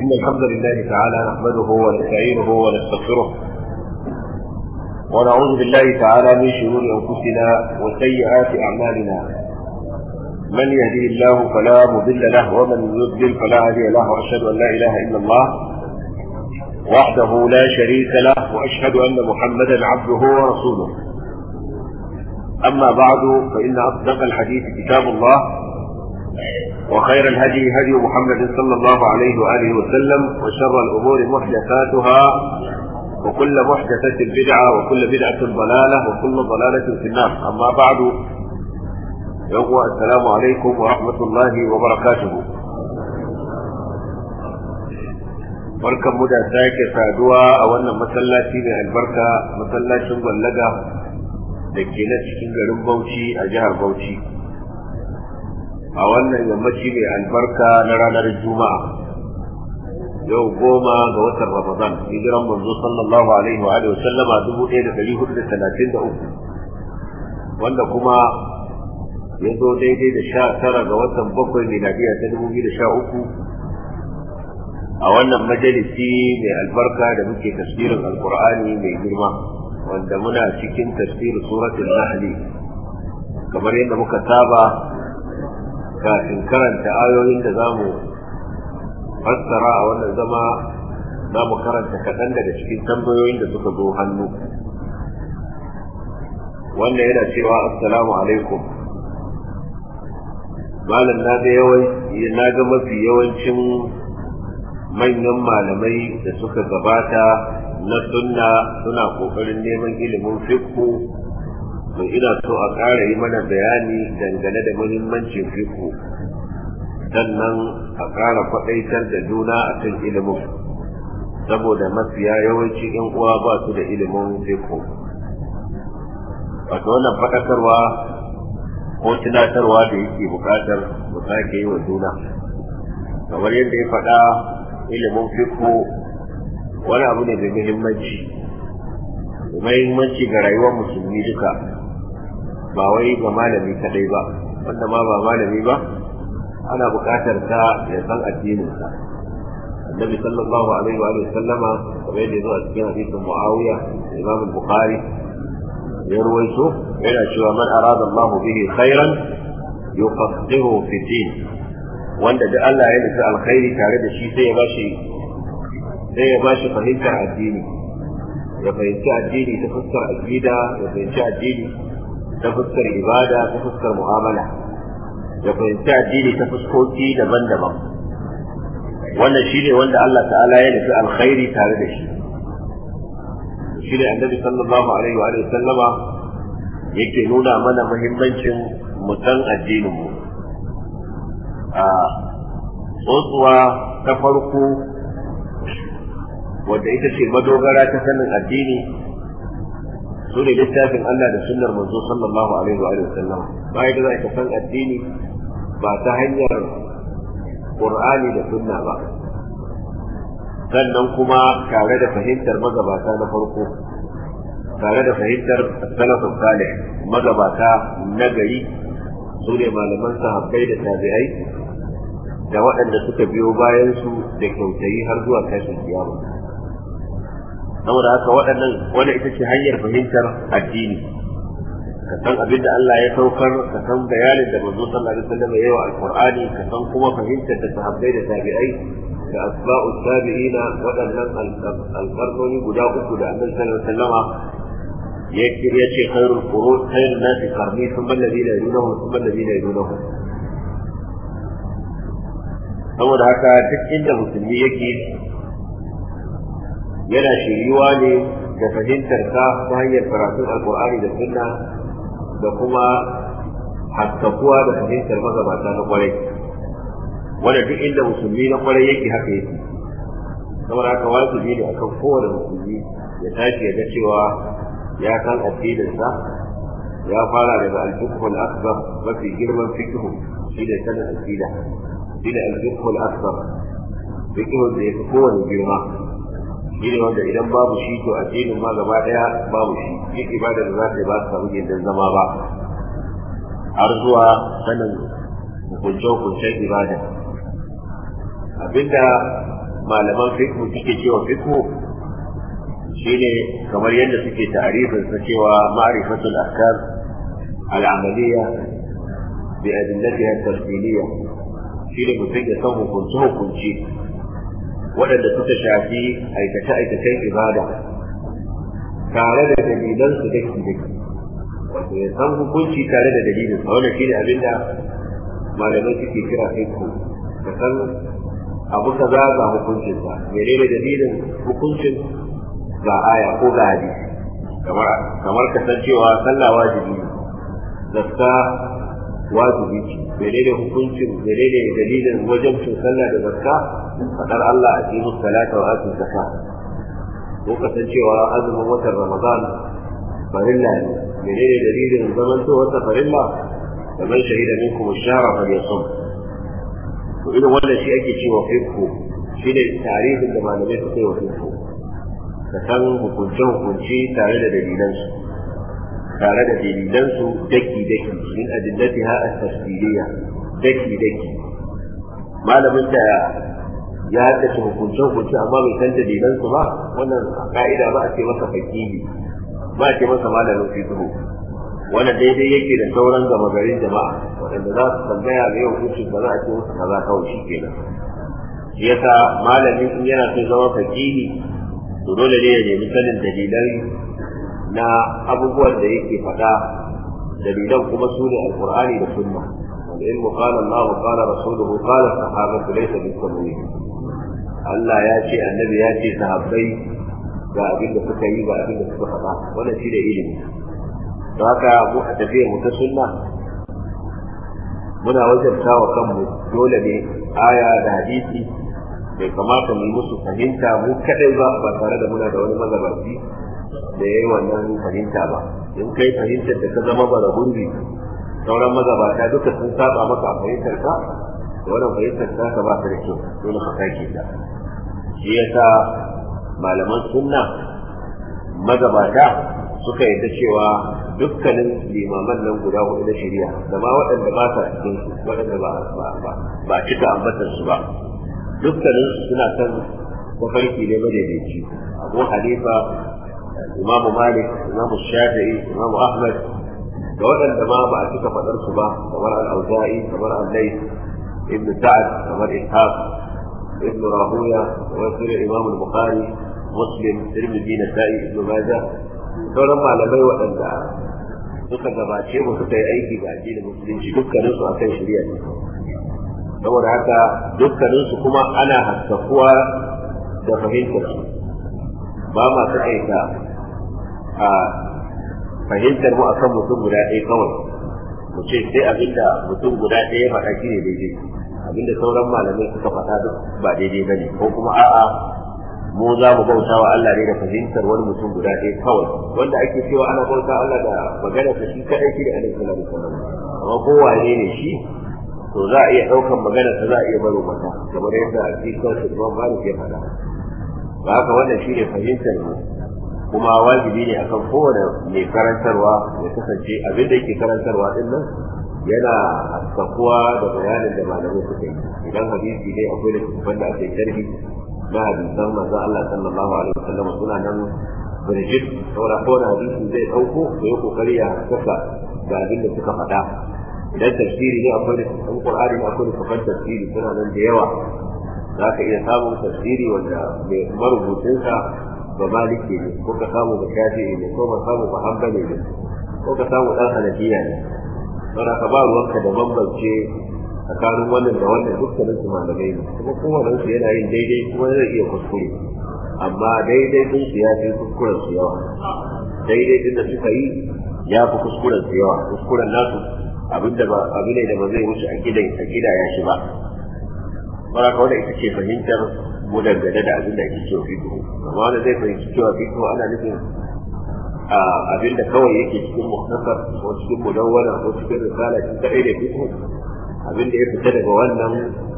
إن الحمد لله تعالى نحمده ونستعينه ونستغفره ونعوذ بالله تعالى من شرور أنفسنا وسيئات أعمالنا من يهدي الله فلا مضل له ومن يضلل فلا هادي له واشهد ان لا اله الا الله وحده لا شريك له واشهد ان محمدا عبده ورسوله اما بعد فان اصدق الحديث كتاب الله وخير الهدي هدي محمد صلى الله عليه واله وسلم وشر الامور محدثاتها وكل محدثة بدعة وكل بدعة ضلالة وكل ضلالة في النار أما بعد يوم السلام عليكم ورحمة الله وبركاته بركة مدى da سادوا أو أن مسلا masallaci البركة مسلا masallacin gwallaga لكي نتشكين na cikin بوشي, bauchi a wannan yammaci mai albarka na ranar juma'a yau goma ga watan ramadan hijiran manzo sallallahu alaihi wa alihi sallama dubu ɗaya da ɗari hudu da talatin da uku wanda kuma ya zo daidai da sha tara ga watan bakwai miladiya ta dubu biyu da sha uku a wannan majalisi mai albarka da muke tafsirin alkur'ani mai girma wanda muna cikin tafsirin suratul nahli kamar yadda muka saba kafin karanta ayoyin da zamu fassara a wannan zama za mu karanta kaɗan daga cikin tambayoyin da suka zo hannu wannan yana cewa assalamu alaikum malam na ga na ga mafi yawancin manyan malamai da suka gabata na sunna suna ƙoƙarin neman ilimin fiqh Mai ina so a ƙara yi mana bayani dangane da muhimmancin fiqh sannan a ƙara faɗaitar da juna a kan ilimin saboda mafiya yawanci yan uwa ba su da ilimin fiqh wato wannan faɗakarwa ko tunatarwa da yake buƙatar mu sake yi wa juna kamar yadda ya faɗa ilimin fiqh wani abu ne da muhimmanci muhimmanci ga rayuwar musulmi duka ba wai ga malami kadai ba wanda ma ba malami ba ana buƙatar ta ya san addinin sa annabi sallallahu alaihi wa sallama kamar yadda zuwa cikin hadisin muawiya imam bukhari ya ruwaito yana cewa man arada Allah bihi khairan yuqaddiru fi din wanda da Allah ya nufi alkhairi tare da shi sai ya bashi sai ya bashi fahimtar addini ya fahimci addini ta fuskar aqida ya fahimci addini ta fuskar ibada ta fuskar mu'amala ya fahimci addini ta fuskoki daban-daban wannan ne wanda Allah ta'ala ya nufi alkhairi tare da shi shine annabi sallallahu alaihi wa sallama yake nuna mana muhimmancin mu san addinin mu a tsotsuwa ta farko wadda ita ce madogara ta sanin addini su ne littafin Allah da sunnar manzo sallallahu alaihi wa sallam bai da zai ka san addini ba ta hanyar Qur'ani da sunna ba sannan kuma tare da fahimtar magabata na farko tare da fahimtar salafin salih magabata na gari su ne malaman sahabbai da tabi'ai da waɗanda suka biyo bayan su da kyautayi har zuwa tashin kiyama saboda haka waɗannan wani ita ce hanyar fahimtar addini ka san abin da Allah ya saukar ka san bayanin da manzo sallallahu alaihi wasallam ya yi wa alqur'ani ka san kuma fahimtar da sahabbai da tabi'ai da asba'u tabi'ina waɗannan alqarnoni guda uku da annabi sallallahu alaihi wasallama yake ya ce khairul qurun khairun nasi qarni thumma alladhina yunahum thumma alladhina yunahum saboda haka duk inda musulmi yake yana shiriwa ne da fahimtar ta ta hanyar karatun alkur'ani da sunna da kuma haskakuwa da fahimtar magabata na kwarai wanda duk inda musulmi na kwarai yake haka yake saboda haka wajibi ne akan kowane musulmi ya tashi ya ga cewa ya san addininsa ya fara daga al-fiqhul akbar mafi girman fiqhu shine sanin aqida shine al-fiqhul akbar fiqhun da yake kowane girma shine wanda idan babu shi to addinin ma gaba daya babu shi duk ibada da za ta ba ta samu gindin zama ba har zuwa sanin hukunce hukuncen ibada abinda malaman fiqh suke cewa fiqh shine kamar yadda suke tarihin sa cewa ma'rifatul ahkam al'amaliya bi adillatiha tafsiliyya shine mutum ya san hukunce hukunci waɗanda suka shafi aikace-aikacen ibada tare da dalilan su da ke wato ya san hukunci tare da dalilin sa wannan shine abin da malamai suke kira fiqh ka san abu kaza ga hukuncin sa menene dalilin hukuncin ga aya ko ga hadisi kamar kamar ka san cewa sallah wajibi zakka wajibi ce menene hukuncin menene dalilin wajen wajibcin sallah da zakka Faɗar Allah a cikin salata wa atin zakka ko kasancewa azumin watan Ramadan farilla ne menene dalilin zamantowar ta farilla kamar shahida minkum ash-shahra falyasum to irin wannan shi ake cewa fiqhu shi ne tarihin da malamai suka yi wa fiqhu ka san hukunce hukunce tare da dalilansu tare da dalilansu daki daki min adillatiha at-tafsiliyya daki daki malamin da ya haddace hukuncin hukunce amma bai san dalilansu ba wannan ka'ida ba a ce masa fakiri ba a ce masa malamin fitihu wanda daidai yake da sauran gama garin jama'a waɗanda za su tambaya da yau hukuncin ba za a ce masa kaza kawai shi kenan shi yasa malamin in yana son zama fakiri to dole ne ya nemi sanin dalilai na abubuwan da yake faɗa dalilan kuma su ne alƙur'ani da sunna العلم قال الله قال رسوله قال الصحابة ليس بالتمويل Allah ya ce annabi ya ce sahabbai ga abin da suka yi ba abin da suka faɗa wannan shi da ilimi don haka mu a tafiyar mu ta sunna muna wajabta wa kanmu dole ne aya da hadisi bai kamata mu musu fahimta mu kadai ba ba tare da muna da wani mazabaci da ya yi wannan fahimta ba in kai fahimtar da ka zama da gurbi sauran mazabata duka sun saba maka a fahimtar ka da wannan fahimtar ka ba ta da kyau dole ka sake ta yasa malaman sunna magabata suka yadda cewa dukkanin limaman nan guda hudu na shari'a da ma waɗanda ba sa cikin su waɗanda ba ba cika ambatar su ba dukkanin suna kan mafarki ne madaidaici abu halifa imam malik imam shafi'i imam ahmad da waɗanda ma ba a cika faɗar su ba kamar al-auza'i kamar al-layth ibn sa'ad kamar ishaq ابن راهوية ويقول الإمام البخاري مسلم ترمذي نسائي ابن ماجه sauran malamai waɗanda suka gabace mu suka yi aiki ga addinin musulunci dukkanin su akan shari'a ne saboda haka dukkanin kuma ana haskakuwa da fahimtar su ba ma su fahimtar mu akan mutum guda ɗaya kawai mu ce sai abinda mutum guda ɗaya ya ne daidai abinda sauran malamai suka faɗa duk ba daidai ba ne ko kuma a'a mu za mu bauta wa Allah ne da fahimtar wani mutum guda ɗaya kawai wanda ake cewa ana bauta Allah da magana ta shi kaɗai shi da annabi sallallahu alaihi wasallam amma kowane ne shi to za a iya ɗaukar magana ta za a iya baro mata kamar yadda shi kansu Imam Malik ya faɗa ba haka wannan shi ne fahimtar mu kuma wajibi ne akan kowane mai karantarwa ya kasance abin da yake karantarwa din nan yana sakuwa da bayanin da malamai suka yi idan hadisi ne akwai da kusurban da aka yi karfi na hadisan manzon Allah sallallahu alaihi wasallam suna nan birjit saura ko da hadisi zai dauko da ya kokari ya saka da abin da suka faɗa idan tafsiri ne akwai da kusurban Qur'ani akwai da kusurban tafsiri suna nan da yawa za ka iya samun tafsiri wanda mai marubucinsa ba maliki ne ko ka samu ba shafi'i ne ko ba samu ba hanbali ne ko ka samu ɗan hanafiya ne mana ka ba ruwanka da bambance tsakanin wannan da wannan dukkanin su malamai ne kuma kowane su yana yin daidai kuma zai iya kuskure amma daidai din su ya fi kuskuren su yawa daidai din da suka yi ya fi kuskuren su yawa kuskuren nasu abinda ba abu ne da ba zai wuce a gidan a gida ya shi ba bara ka wanda ita ce fahimtar mu dangane da abin da ake cewa fiqh amma wanda zai fahimci cewa fiqh ana nufin Abin da kawai yake cikin muhtasar ko cikin mudawwara ko cikin risala shi kadai da Abin da ya fita daga wannan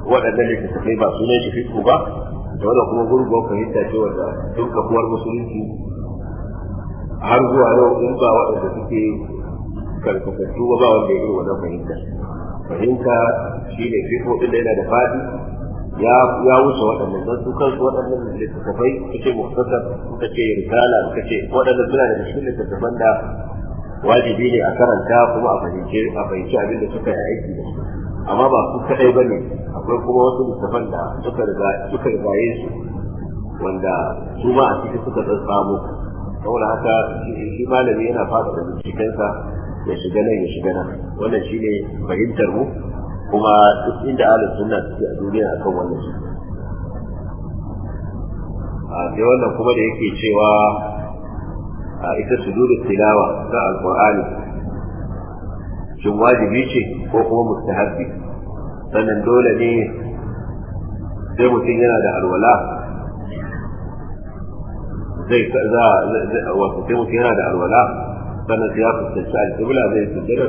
waɗannan littattafai ba su ne shi fiqh ba da wannan kuma ka fahimta ce wanda tun kafuwar musulunci har zuwa yau in ba waɗanda suke karkatattu ba ba wanda ya yi wannan fahimta fahimta shi ne fiqh din da yana da fadi ya ya wuce waɗannan don su kansu waɗannan littattafai suka ce muhtasar suka ce risala suka ce waɗannan suna da cikin littattafan da wajibi ne a karanta kuma a fahimci a fahimci abin da suka yi aiki da amma ba su kaɗai ba ne akwai kuma wasu littattafan da suka riga suka yin su wanda su ma a ciki suka san samu saboda haka shi malami yana fada da bincikensa ya shiga nan ya shiga nan wannan shine fahimtar mu kuma duk inda ahlus suna suke a duniya akan wannan shi a sai wannan kuma da yake cewa a ita sujudu tilawa na alqur'ani shin wajibi ce ko kuma mustahabbi sannan dole ne sai mutum yana da alwala zai za wato sai mutum yana da alwala sannan sai ya fuskanci alƙibla zai sujjada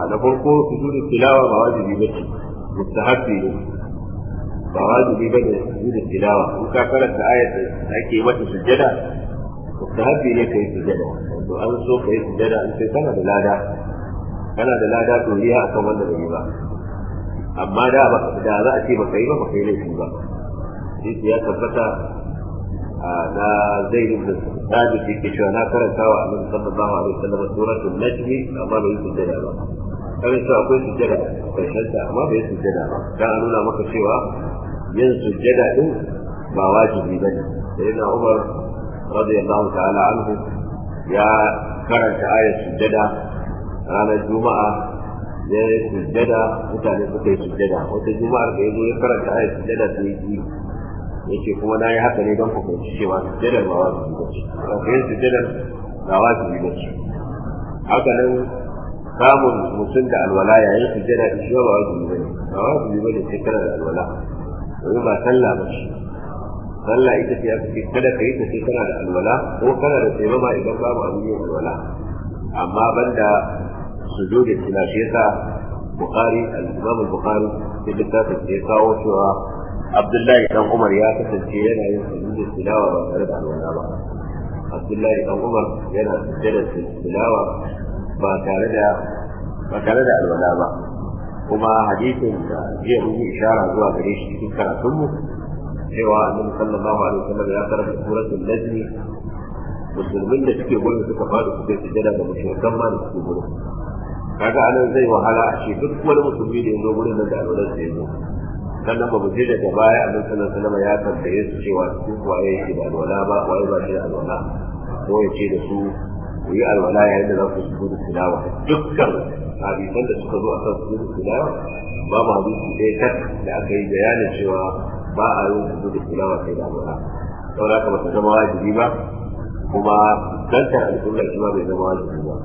a na farko sujudu tilawa ba wajibi ba ce mustahabbi ne ba wajibi ba ne sujudu tilawa in ka karanta ayat da ake mata sujjada mustahabbi ne kai sujada. to an so kai sujada an sai kana da lada kana da lada to riya akan wanda bai yi ba amma da ba da za a ce ba kai ba ba kai laifi ba shi ya tabbata na zai zaid ibn sabit yake cewa na karanta wa annabi sallallahu alaihi wasallam suratul najm amma bai yi sujada ba kaga cewa akwai sujjada karshen ta amma bai sujjada ba dan a nuna maka cewa yin sujjada din ba wajibi ba ne sai na Umar radiyallahu ta'ala anhu ya karanta ayat sujjada ranar juma'a ya yi sujjada mutane suka yi sujjada wata juma'ar da ya zo ya karanta ayat sujjada sai yi yake kuma na yi haka ne don ku fahimci cewa sujjadar ba wajibi ba ce ba ku yin sujjadar ba wajibi ba ce haka nan Samun mutum da alwala yayin sujjada da shi ba wa bane ba wajibi bane sai kana da alwala domin ba sallah ba shi sallah ita ce aka ce kada ka yi ta sai kana da alwala ko kana da taimama idan babu abin yin alwala amma banda sujudi suna shi yasa bukhari al-imam al-bukhari ya littafin da ya kawo cewa abdullahi dan umar ya kasance yana yin sujudi tilawa ba tare da alwala ba abdullahi dan umar yana sujjada tilawa ba tare da ba tare da alwala ba kuma hadisin da jiya mun ishara zuwa gare shi cikin karatunmu cewa annabi sallallahu alaihi wasallam ya karanta suratul najmi musulmin da suke gurin suka faɗi suke sujada da mushrikan ma da suke gurin kaga anan zai wahala a ce duk wani musulmi da ya zo gurin nan da alwalar sa ya zo sannan ba mu je daga baya annabi sallallahu alaihi wasallam ya tambaye su cewa su waye yake da alwala ba waye ba shi da alwala ko ya ce da su ku yi alwala yayin da za ku shigo da tilawa dukkan hadisan da suka zo akan su da tilawa babu hadisi ɗaya tak da aka yi bayanin cewa ba a yi su da tilawa sai da alwala saboda ka ba su zama wajibi ba kuma fuskantar alƙibla shi ma bai zama wajibi ba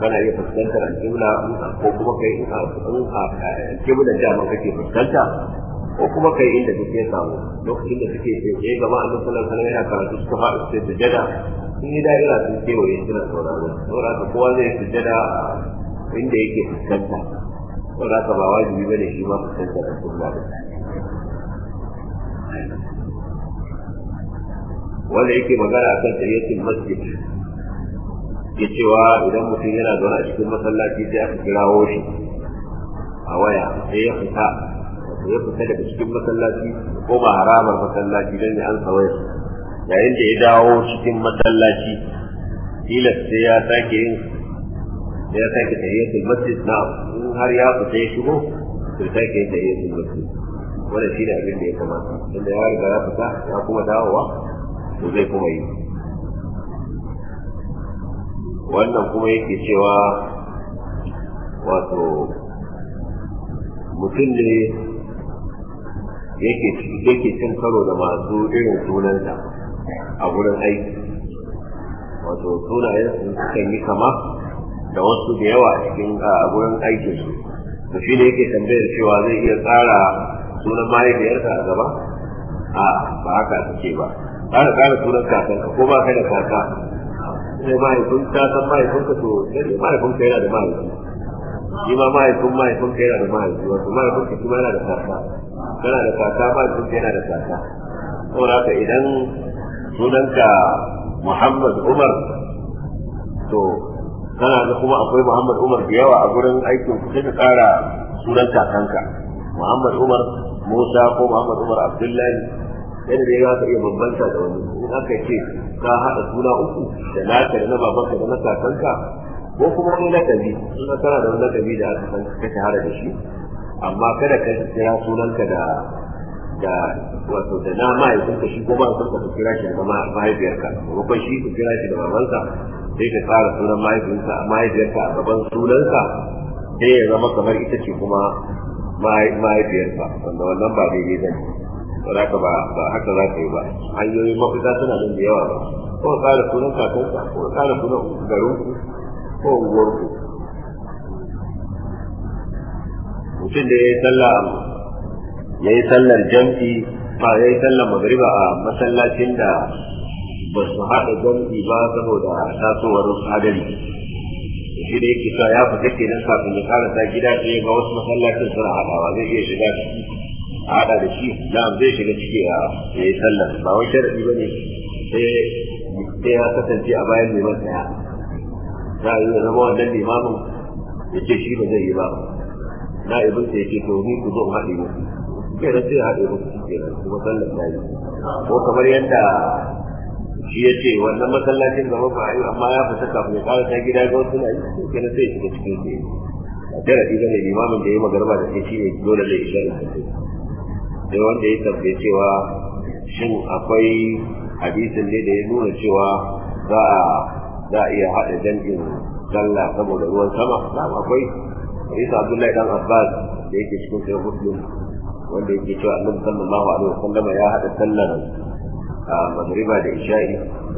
kana iya fuskantar alƙibla ko kuma kai in a alƙibla dama kake fuskanta ko kuma kai inda kake samu lokacin da kake tsaye gaba a sallallahu alaihi wasallam yana karatu suka fara jada. sun yi da'ira sun kewaye suna sauraro saboda haka kowa zai sujjada inda yake fuskanta saboda haka ba wajibi bane shi ma fuskanta da sunna da wanda yake magana a kan tayyatin masjid ke cewa idan mutum yana zaune a cikin masallaci sai aka kirawo shi a waya sai ya fita ya fita daga cikin masallaci ko ba haramar masallaci don ya an wayar yayin da ya dawo cikin masallaci kila sai ya sake yin ya sake tahiyatul masjid na in har ya fita ya shigo sai sake yin tahiyatul masjid wannan shine abin da ya kamata inda ya riga ya fita ya kuma dawowa to zai kuma yi wannan kuma yake cewa wato mutum ne yake cin karo da masu irin sunanta a gurin aiki wato sunayen sun sukan yi kama da wasu da yawa a cikin a gurin aikin su da shi ne yake tambayar cewa zai iya tsara sunan mahaifiyarsa a gaba a ba haka suke ba tsara tsara sunan kakanka ko ba kai da kaka sai mahaifin ta san mahaifinka to sai ka yana da mahaifi shi ma mahaifin ka yana da mahaifi wato mahaifinka shi ma yana da kaka kana da kaka ka yana da kaka saboda haka idan sunanka Muhammad Umar to kana da kuma akwai Muhammad Umar da yawa a gurin aikin ku sai ka kara sunan kakanka Muhammad Umar Musa ko Muhammad Umar Abdullahi dan da ya ka iya bambanta da wani in aka ce ka hada suna uku da naka da na babanka da na kakanka ko kuma wani lakabi suna kana da wani lakabi da aka san ka shahara da shi amma kada ka kira sunanka da da wato da na mahaifin ka shi ko ba ka ka kira shi da mahaifiyarka maimakon shi ka kira shi da babansa sai ka tsara sunan a mahaifiyarka a gaban sunansa sai ya zama kamar ita ce kuma mahaifiyarka wanda wannan ba daidai ba ne ka ba haka za ka yi ba hanyoyin mafita suna nan da yawa ba ko ka tsara sunan kakanka ko ka tsara sunan garinku ko unguwarku mutum da ya yi sallah ya yi sallar jam'i ba ya yi sallar magariba a masallacin da ba su haɗa jam'i ba saboda tasowar hadari shi da yake ya fita nan kafin ya karasa gida yi ga wasu masallacin suna haɗawa zai iya shiga a haɗa da shi na zai shiga ciki a ya yi sallar ba wani sharaɗi ba ne sai ya kasance a bayan mai masaya za a yi zama wannan limamin ya ce shi ba zai yi ba na ibinsa ya ce to ni ku zo haɗe ba. ke da sai haɗe musu shi ke nan kuma sallar ta yi ko kamar yadda shi ya ce wannan masallacin gaba ba yi amma ya fita kafin ya ƙara ta gida ga wasu na yi ke na sai shiga cikin ke a jarabi ga ne limamin da ya yi magarba da ke shi ne dole zai shiga sai wanda ya tambaye cewa shin akwai hadisin ne da ya nuna cewa za a za a iya haɗa jam'in sallah saboda ruwan sama na akwai hadisa abdullahi dan abbas da yake cikin sai muslim wanda yake cewa annabi sallallahu alaihi wasallam ya hada sallar magriba da isha'i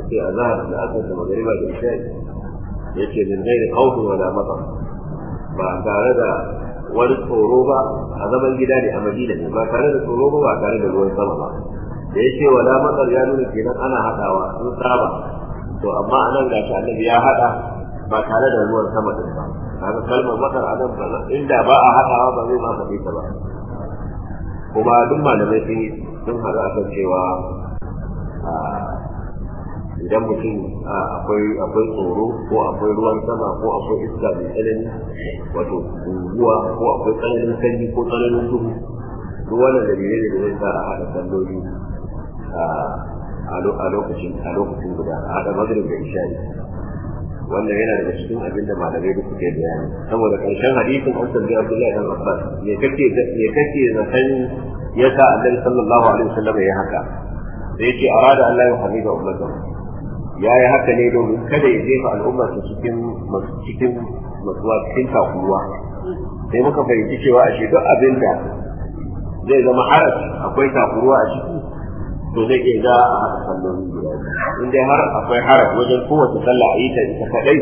sai azhar da asar da magriba da isha'i yace min ghairi khawfin wala matar ba tare da wani tsoro ba a zaman gida ne a Madina ne ba tare da tsoro ba ba tare da ruwan sama ba da yace wala matar ya nuna kenan ana hadawa sun saba to amma anan gashi annabi ya hada ba tare da ruwan sama din ba kaga kalmar matar anan ba inda ba a hadawa ba zai ma faɗi ta ba kuma duk malamai sun sun haɗu a kan cewa idan mutum akwai tsoro ko akwai ruwan sama ko akwai iska mai tsanani wato guguwa ko akwai tsananin sanyi ko tsananin duhu duk wannan dalilai ne da zai sa a haɗa salloli a lokacin guda a haɗa magrib da isha'i Wannan yana daga cikin abinda malamai duk suke bayani saboda karshen hadisin an tambayi Abdullahi ibn Abbas me kake me kake zaton yasa Annabi sallallahu alaihi wasallam ya haka sai yace arada Allah ya hamida ummatan ya yi haka ne domin kada ya jefa al'umma su cikin cikin matsuwa cikin takuruwa sai muka fahimci cewa a duk da zai zama haras akwai takuruwa a ciki to zai iya za a haka salloli guda in dai har akwai harar wajen kowace sallah a yi ta ita kaɗai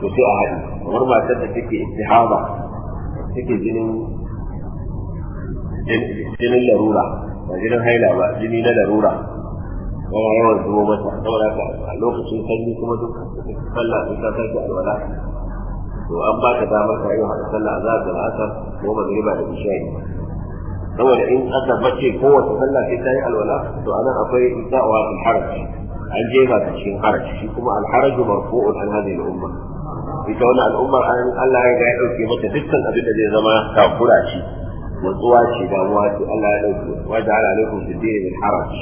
to sai a haɗu. kamar matar da take istihaba take jinin jinin larura ba jinin haila ba jini na larura yana yawan zuwa mata saboda haka a lokacin sanyi kuma duk sallah sun ta tashi alwala to an ba ta damar ta yi haɗa sallah a zaɓa a asar ko ba da bishiyar saboda in aka bace kowace sallah sai ta yi alwala to anan akwai isa'wa al haraj an ba ta cikin haraj shi kuma al haraj marfu'un an hadhihi al umma ita wannan al'ummar an Allah ya ya dauke mata dukkan abin da zai zama ci ce matsuwa ce damuwa ce Allah ya dauke wa da alaikum bid-din al haraj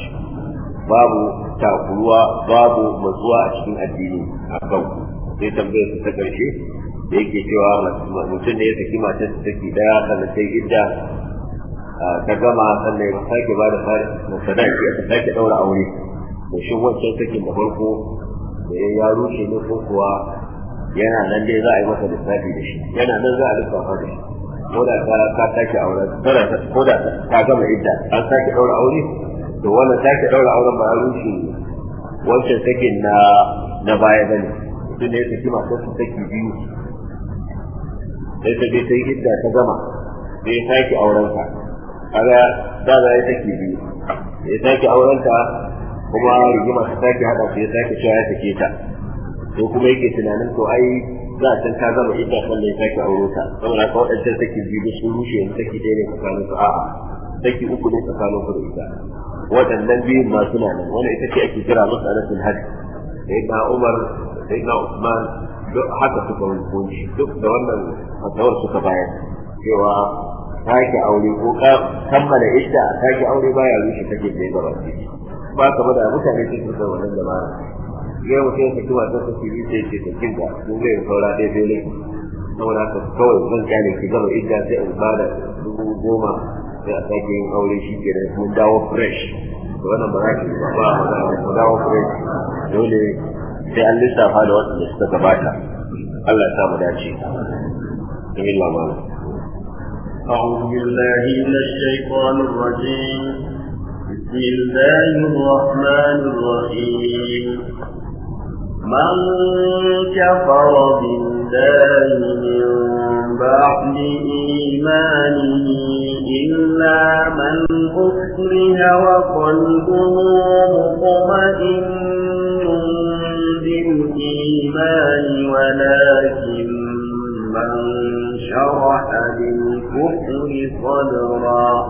babu takuruwa babu matsuwa a cikin addini a ku. sai tambayar ta karshe da yake cewa mutum ne ya saki matar take daya kana sai idda ta gama sannan ya sake ba da fari na sadaki a sake daura aure to shi wancan sakin da farko da ya yaro rushe ne ko kuwa yana nan dai za a yi masa lissafi da shi yana nan za a lissafa da shi ko da ta ta sake aure ko da ta gama idda an sake daura aure to wannan sake daura auren ba ya rushe wancan sakin na na baya ne. mutum ne ya saki masu saki biyu sai ta je ta yi idda ta gama sai ya sake aurensa kaga da za ya take biyu ya sake aurenta kuma rigima ta sake hada su ya sake cewa ya take ta to kuma yake tunanin to ai za a san ta zama idda sannan ya sake auro ta saboda ka waɗancan take biyu sun rushe ne take ɗaya ne tsakanin su a'a take uku ne tsakanin su da ita waɗannan biyun masu na nan wani ita ce ake kira masalatul hajj sai na Umar sai na Usman duk haka suka wuce duk da wannan fatawar suka bayar cewa sake aure ko kammala idda sake aure baya rushe take da gaba ba ka bada mutane su suka wannan da ba ya mutum ya da matar su sai ce ta kinga mun ga saura dai dai ne ka kawai zan kyale ki gama idda sai in bada dubu goma sai a sake yin aure shi ke mun dawo fresh wannan ba za ki ba ba mun dawo fresh dole sai an lissafa da wasu da suka gabata Allah ya sa mu dace. Amin Allah. أعوذ بالله من الشيطان الرجيم بسم الله الرحمن الرحيم من كفر بالله من بعد إيمانه إلا من أكره وقلبه مطمئن بالإيمان ولكن من شرح للكفر صدرا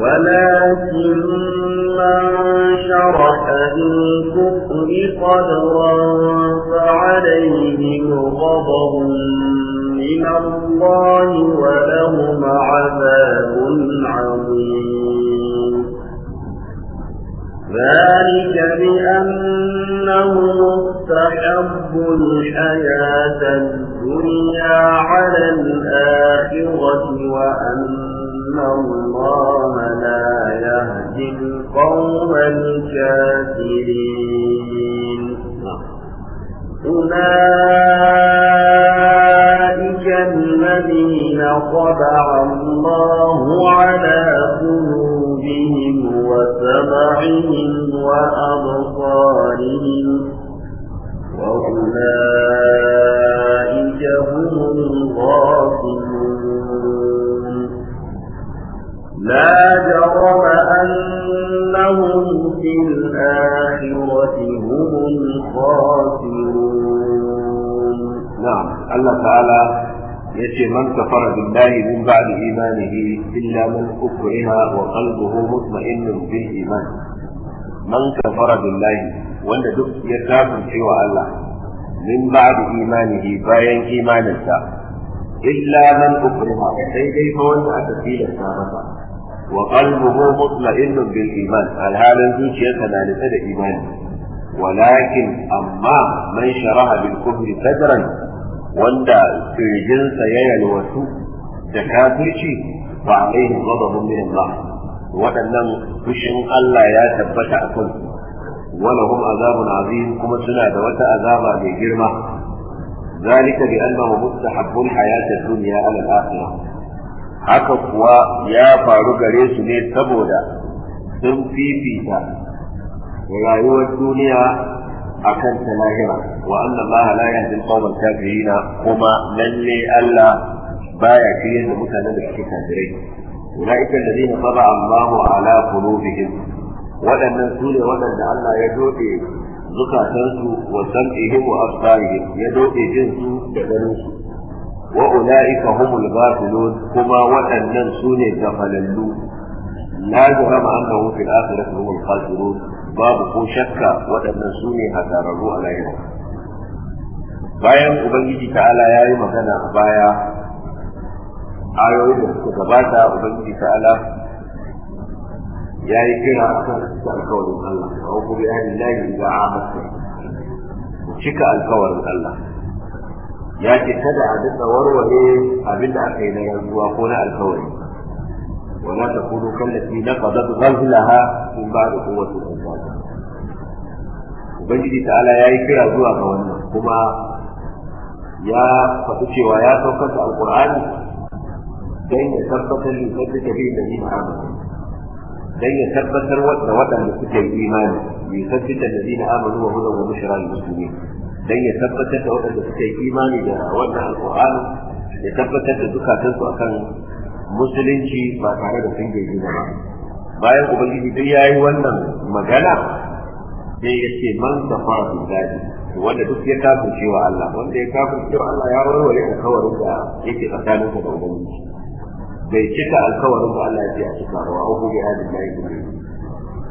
ولكن من شرح للكفر صدرا فعليهم غضب من الله ولهم عذاب عظيم ذلك بأنه استحب الحياة الدنيا على الآخرة وأن الله لا يهدي القوم الكافرين أولئك الذين طبع الله على قلوبهم وسمعهم وأبصارهم وأولئك ta'ala ya ce man kafara billahi min ba'di imanihi illa man ukriha wa qalbuhu mutma'innun bil iman man kafara billahi wanda duk ya kafirce wa Allah min ba'di imanihi bayan imaninsa illa man ukriha sai dai fa wanda aka tilasta masa wa iman alhalin zuciyarsa na nufe da imani ولكن أما من شرح بالكفر صدرا wanda sirjinsa ya yalwatu da kafirci ba a laihin gwabarin mirin ba waɗannan fushin Allah ya tabbata a kan wani hum azabun azim kuma suna da wata azaba mai girma zalika bi anna mu mustahabbul hayatid dunya ala al-akhirah haka kuwa ya faru gare su ne saboda sun fifita rayuwar duniya akan ta lahira wa anna allaha la yahdi al-qawmal kafirin kuma lalle Allah baya kiyaye da mutanen da suke kafirai ulaika alladhina taba Allahu ala qulubihim waɗannan sune ne waɗanda Allah ya doɗe zukatansu wa sam'ihim wa absarihim ya doɗe jin su da ganin su wa ulaika humul ghafilun kuma waɗannan su ne gafalallu la jurama annahum fil akhirati humul khasirun babu ko shakka waɗannan su ne hasararru a lahira bayan ubangiji ta'ala ya yi magana a baya ayoyin da suka gabata ubangiji ta'ala ya yi kira a kan alkawarin Allah wa ku bi ahli lahi idza ahadta ku cika alkawarin Allah ya ce kada a dinga warware abin da aka yi na yanzuwa ko na alkawari وما تكون كالتي نقضت غزلها من بعد قوة أنفاسها Ubangiji ta'ala ya yi kira zuwa ga wannan kuma ya faɗi cewa ya saukar da alƙur'ani don ya tabbatar da sai ya tabbatar da waɗanda suka yi imani da dina ya tabbatar da waɗanda suka yi imani da wannan alƙur'ani ya tabbatar da zukatansu akan musulunci ba tare da sun gaji ba bayan ubangiji duk yayi wannan magana sai ya ce man kafara billahi wanda duk ya kafa cewa Allah wanda ya kafa cewa Allah ya warware alkawarin da yake tsakanin da ubangiji bai cika alkawarin da Allah ya ce a cika ba wa yi bi hadillahi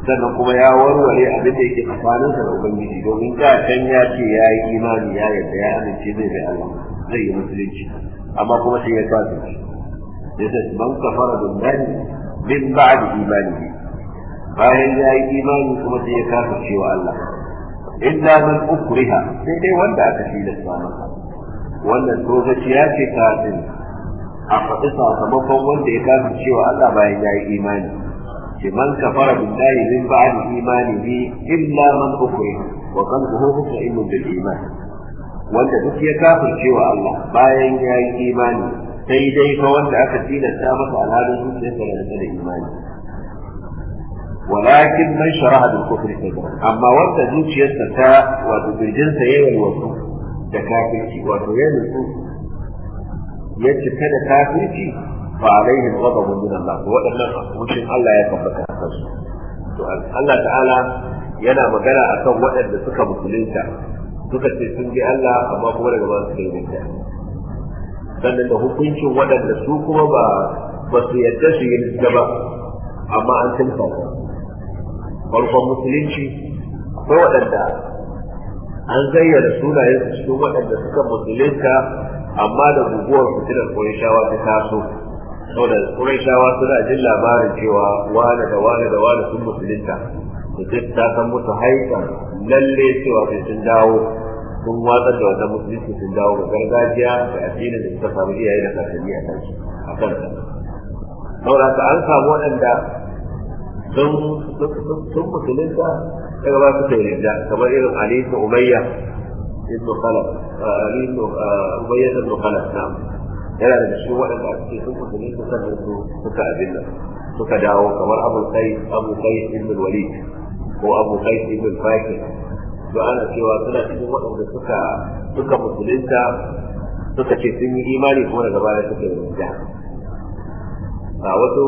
sannan kuma ya warware abin da yake tsakanin da ubangiji domin ka can ya ce ya yi imani ya yarda ya amince zai bai Allah zai yi musulunci amma kuma sai ya kafirce yace man kafara billahi min ba'di imanihi bayan ya yi imani kuma sai ya kafa cewa Allah illa man ukriha sai dai wanda aka tilasta masa wannan to gaciya ce kafin a faɗi sakamakon wanda ya kafa cewa Allah bayan ya yi imani ce man kafara billahi min ba'di imanihi illa man ukriha wa qalbuhu mutma'innun bil iman wanda duk ya kafirce cewa Allah bayan ya yi imani sai dai fa wanda aka tilasta masa al'adun su da rike da imani walakin man sharaha bil kufr sadra amma wanda zuciyarsa ta wato birjinsa yayi wasu da kafirci wato ya nutsu ya cika da kafirci fa alaihi ghadabu min Allah wadannan hukuncin Allah ya tabbata a su. to Allah ta'ala yana magana akan waɗanda suka musulunta suka ce sun bi Allah amma kuma daga ba su kai sannan da hukuncin waɗanda su kuma ba ba su yadda su yi nisa ba amma an faɗa. farkon musulunci akwai waɗanda an zayyana sunayen su cikin waɗanda suka musulunta amma da guguwar fitilar ƙurishawa ta taso saboda ƙurishawa suna jin labarin cewa wane da wane da wane sun musulunta da ta san musu haikan lalle cewa sai sun dawo sun watsar da wannan musulunci sun dawo ga gargajiya da addinin da suka samu iyaye da kakanni a kan a kan ta saboda ka an samu waɗanda sun sun musulunta daga ba su kai yarda kamar irin Ali ibn Umayya ibn Khalaf Ali ibn Umayya ibn Khalaf na yana da cikin waɗanda a cikin sun musulunta sannan su suka abin nan suka dawo kamar Abu Qais Abu Qais ibn Walid ko Abu Qais ibn Fakir ba ana cewa suna cikin waɗanda suka suka musulunta suka ce sun yi imani kuma daga baya suka yi rinja a wasu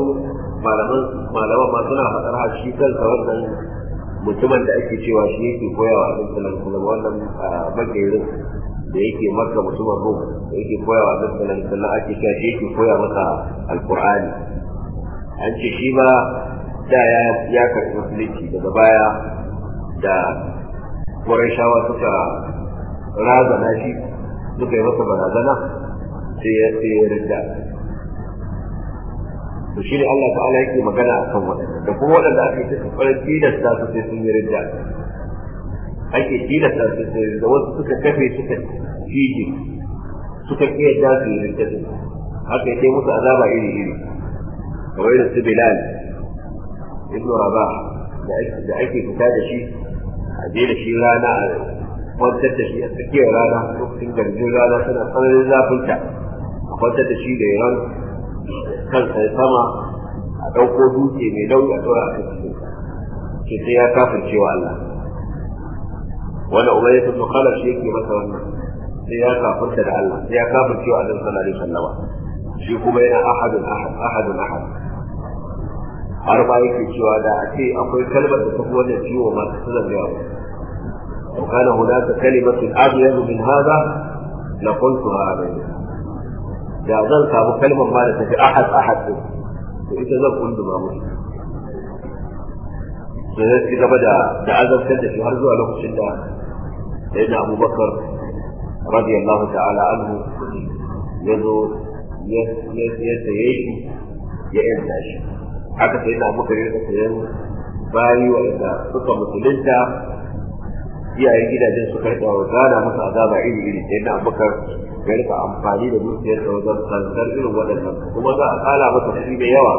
malaman malaman ma suna faɗar ha shi kansa wannan mutumin da ake cewa shi yake koyawa abin salam salam wannan makerin da yake maka mutumin ruhu da yake koyawa abin salam salam ake cewa shi yake koya maka alkur'ani an ce shi ba da ya karɓi musulunci daga baya da Qurayshawa suka razana shi suka yi masa barazana sai ya sai ya rinda to shi ne Allah ta'ala yake magana akan waɗanda da kuma waɗanda ake cikin farin tilasta su sai sun yi rinda ake tilasta su sai da wasu suka kafe suka fiji suka iya da su yi rinda haka ya musu azaba iri iri kamar yadda su Bilal ibn Rabah da ake fita da shi a da shi rana a kwantar da shi a tsakiyar rana lokacin garjin rana tana tsananin ta. a kwantar da shi da yawan kansa sama a ɗauko dutse mai nauyi a tsora a kan cikin ke sai ya cewa Allah wanda umayya ta kala shi yake masa wannan sai ya kafirta da Allah sai ya kafircewa Allah sallallahu alaihi wasallam shi kuma yana ahadun ahad ahadun ahad har ba yake cewa da a ce akwai kalmar da tafi wannan ciwo ma ta zan gaya ba وكان هناك كلمة min من la لقلتها أبيض da zan samu kalmar ma da tafi ahad ahad din to ita zan kunduma musu da zai ci gaba da da azabtar da shi har zuwa lokacin da sai da abubakar radiyallahu ta'ala anhu ya zo ya saye shi ya yanta shi aka sai na muka rika sayan bayi wanda suka musulunta iyayen gidajen suka rika gana masa azaba iri iri sai na abubakar ya rika amfani da dukiyar da wajen tsantar irin waɗannan kuma za a kala masa kuɗi mai yawa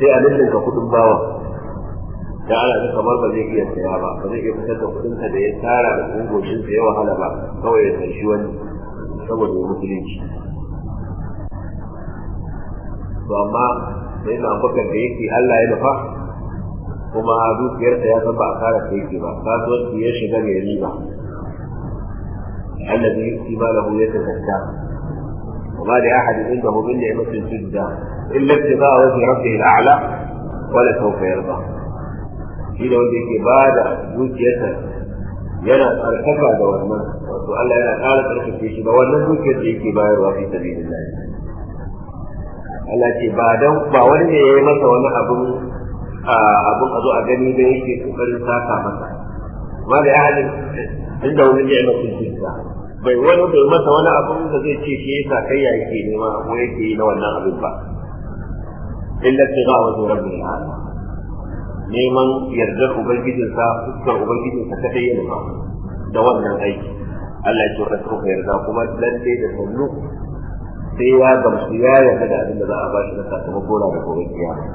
sai a lullunka kuɗin bawa da ana ga kamar ba zai iya saya ba ba zai iya fitar da kuɗinsa da ya tara da kungoshinsa ya wahala ba kawai ya sanshi wani saboda musulunci to amma sai na bakar da yake Allah ya nufa kuma dukiyarsa ya san ba a ta yake ba kasuwanci ya shiga mai riba الذي يؤتي ماله يتزكى وما لأحد عنده من نعمة تجزى إلا ابتغاء وجه ربه الأعلى ولسوف يرضى shine wanda yake ba da dukiyarsa yana tsarkaka da wannan wato Allah yana ƙara tsarkake shi da wannan dukiyar da yake bayarwa fi sabilillah Allah ce ba dan ba wani ne ya yi masa wani abun abun a zo a gani da yake kokarin saka masa ma da ahadin inda wani ne masu kuntunta bai wani bai masa wani abun da zai ce shi yasa kai ya yake nema ko yake yi na wannan abin ba illa tiga wa rabbil alamin neman yardar ubangijinsa fuskar ubangijinsa kadai ya nufa da wannan aiki Allah ya ce ka yarda kuma lalle da sallu sai ya gamsu ya yarda da abin da za a ba shi na sakamako na da gobe kiyama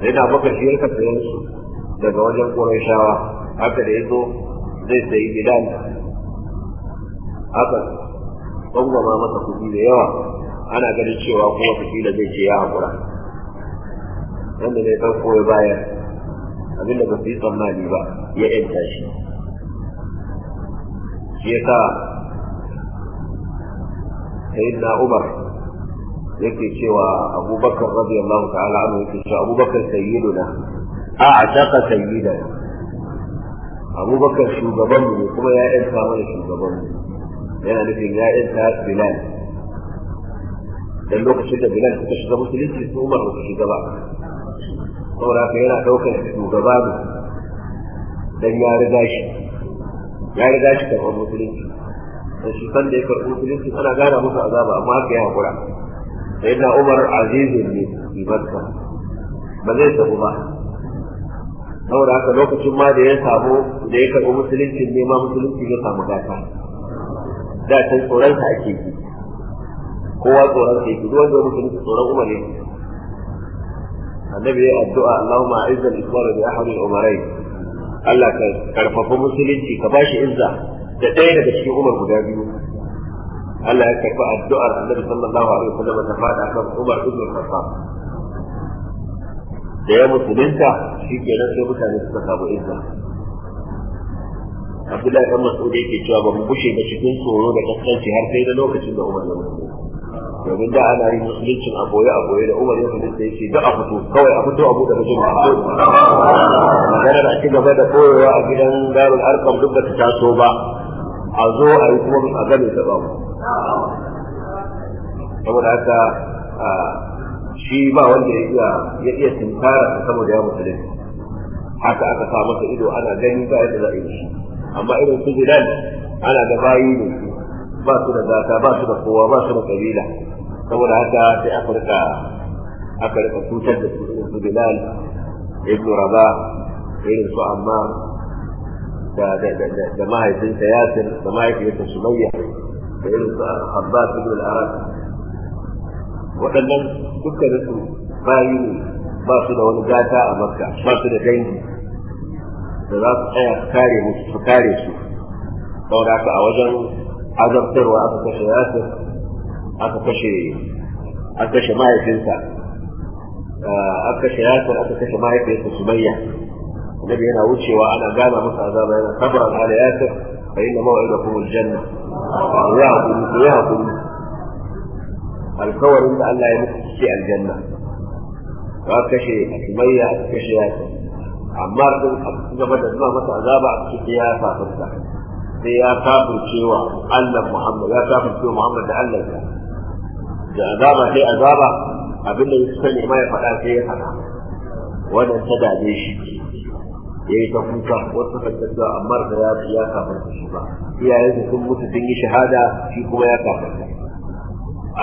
sai da bakar shi yarka sayan su daga wajen shawa haka da zo zai sayi bidan haka tsangwama masa kuɗi da yawa ana ganin cewa kuma da zai ce ya haƙura wanda ne ɗan ya bayan abin da ba su yi tsammani ba ya yanta shi shi ya sa sayyidina Umar yake cewa Abubakar radiyallahu ta'ala anhu yake cewa Abubakar sayyiduna a'taqa sayyidana Abubakar shugaban kuma ya yanta yana nufin ya Bilal dan lokacin da Bilal suka shiga musulunci su Umar ba su shiga ba saboda haka yana daukar shugaba ne dan ya riga shi musulunci da shi sanda ya karɓi musulunci ana gana masa azaba amma haka ya haƙura sai na umar azizin ne ibarka ba zai tafi ba saboda haka lokacin ma da ya samu da ya karɓi musulunci ne ma musulunci ya samu gata da can tsoron sa ake yi kowa tsoron sa yake duk wanda ya musulunci tsoron umar ne annabi ya addu'a Allahumma a'izzal islam bi ahadi al-umarayn Allah ka karfafa musulunci ka bashi izza da ɗaya daga cikin umar guda biyu Allah ya karɓi addu'ar Annabi sallallahu alaihi wasallam ta fada kan Umar ibn Khattab da ya musulunta shi ke nan sai mutane suka samu izza Abdullahi dan Mas'ud yake cewa ba mu bushe ba cikin tsoro da kaskanci har sai da lokacin da Umar ya mutu domin da ana yin musuluncin a boye a boye da Umar ya musulunta yake da a fito kawai a fito a buɗe da jama'a maganar a ci gaba da koyewa a gidan garin Arqam duk ba ta taso ba a zo a yi kuma a gani da ba saboda haka shi ba wanda ya iya ya iya tunkara saboda ya mutane, haka aka sa masa ido ana gani ba yadda za a yi shi amma irin su gidan ana da bayi ne ba su da zata ba su da kowa ba su da kabila saboda haka sai aka rika aka rika cutar da su irin su bilal ibn rabah irin su amma da mahaifinsa yasir da mahaifinsa sumayya da irin su abbas su al-arab waɗannan dukkanin su bayi ne ba su da wani gata a makka ba su da dangi da za su tsaya su kare musu su kare su saboda haka a wajen azabtarwa aka kashe yasir aka kashe aka kashe mahaifinsa ah, aka kashe yasir aka kashe mahaifinsa sumayya النبي هنا وجهي وانا قام مسعى ذابا هنا صبرا على ياسر فإن موعدكم الجنة ويعطي ويعطي الكون عند أن لا يمس في الجنة قال كشي اسمي كشي ياسر عمار بن أبدا ما مسعى ذابا كشي ياسر يا كافر شيوا علم محمد يا كافر شيوا محمد علم ذا عذاب هي عذاب أبدا يستمع ما يفعل فيه أنا وأنا سدى شيء yayi ta kuka wasu tattata amma da ya ya kafar shi ba iyayen su sun mutu sun yi shahada shi kuma ya kafar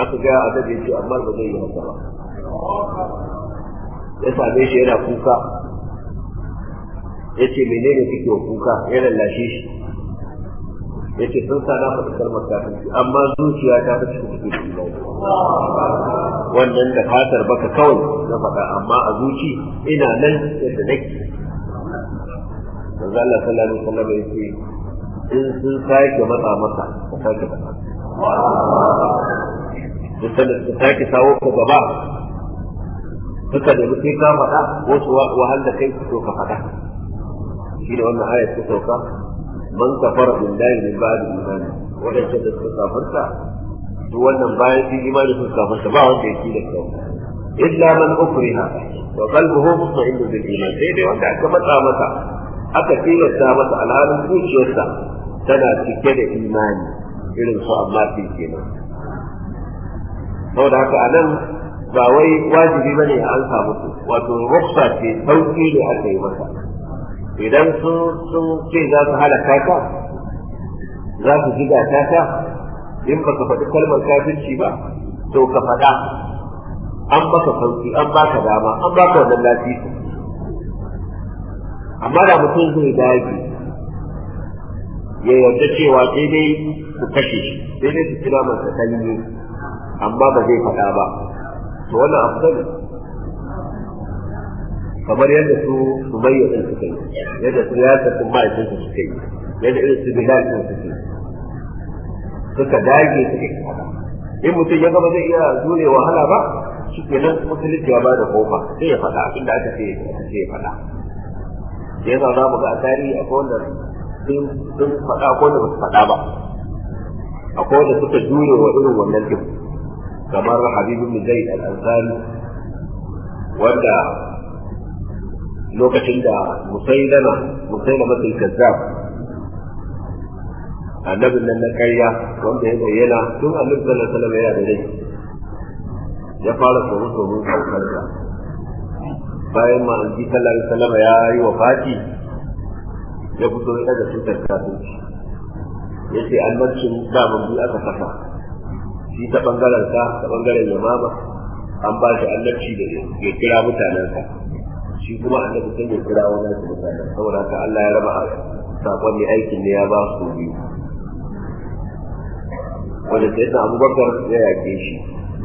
aka ga annabi shi amma ba zai yi haka ba ya same shi yana kuka ya ce menene kike kuka ya lallashe shi ya ce sun sa na faɗi kalmar kafirci amma zuciya ta ta cikin cikin imani wannan da fatar baka kawai na faɗa amma a zuci ina nan yadda nake manzo Allah sallallahu alaihi wasallam ya ce in sun sake matsa maka ka sake matsa duk da su sake sawo ka gaba suka nemi sai ka faɗa wasu wahal da kai to ka faɗa shi da wannan ayat ta sauka man kafara billahi min ba'di imani wadanda da suka kafarta duk wannan bayan sun imani sun kafarta ba wanda yake da kyau illa man ukriha wa qalbuhu mutma'innun bil iman sai dai wanda aka matsa masa aka tilasta masa alhalin zuciyarsa tana cike da imani irin su amma fi kenan saboda haka anan ba wai wajibi bane a an samu su wato ruksa ce sauki ne aka yi masa idan sun sun ce za su halaka ka za su jiga ta ta in ka faɗi kalmar kafirci ba to ka faɗa an baka sauki an baka dama an baka wannan lafiya amma da mutum zai dage ya yarda cewa dai dai ku kashe shi sai dai su kira masa kalmi amma ba zai faɗa ba to wannan afdal kamar yadda su su bayyana su kai yadda su ya ta kuma ma'aikin su suka yadda irin su bilal su kai suka dage suke faɗa in mutum ya gaba zai iya zure wahala ba shi kenan musulunci ya ba da kofa sai ya faɗa inda aka ce ya faɗa da yasa za mu ga a tarihi akwai wanda sun faɗa ko wanda ba faɗa ba a wanda suka jure wa irin wannan din kamar habibu bin zaid al-ansari wanda lokacin da musailama musailama bin kazzab annabin nan na ƙarya wanda ya bayyana tun annabi sallallahu alaihi wasallam da rai ya fara tsoro kan kansa bayan ma'aiki sallallahu alaihi wasallam ya yi wa fati ya fito ya daga tutar kafinci ya ce almancin daman biyu aka kasa shi ta bangaren ka ta bangaren yamama an ba shi annabci da ya kira mutanensa shi kuma annabi sai ya kira wani su mutanen saboda haka Allah ya raba sakon ne aikin ne ya ba su biyu wanda sai sa Abubakar ya yake shi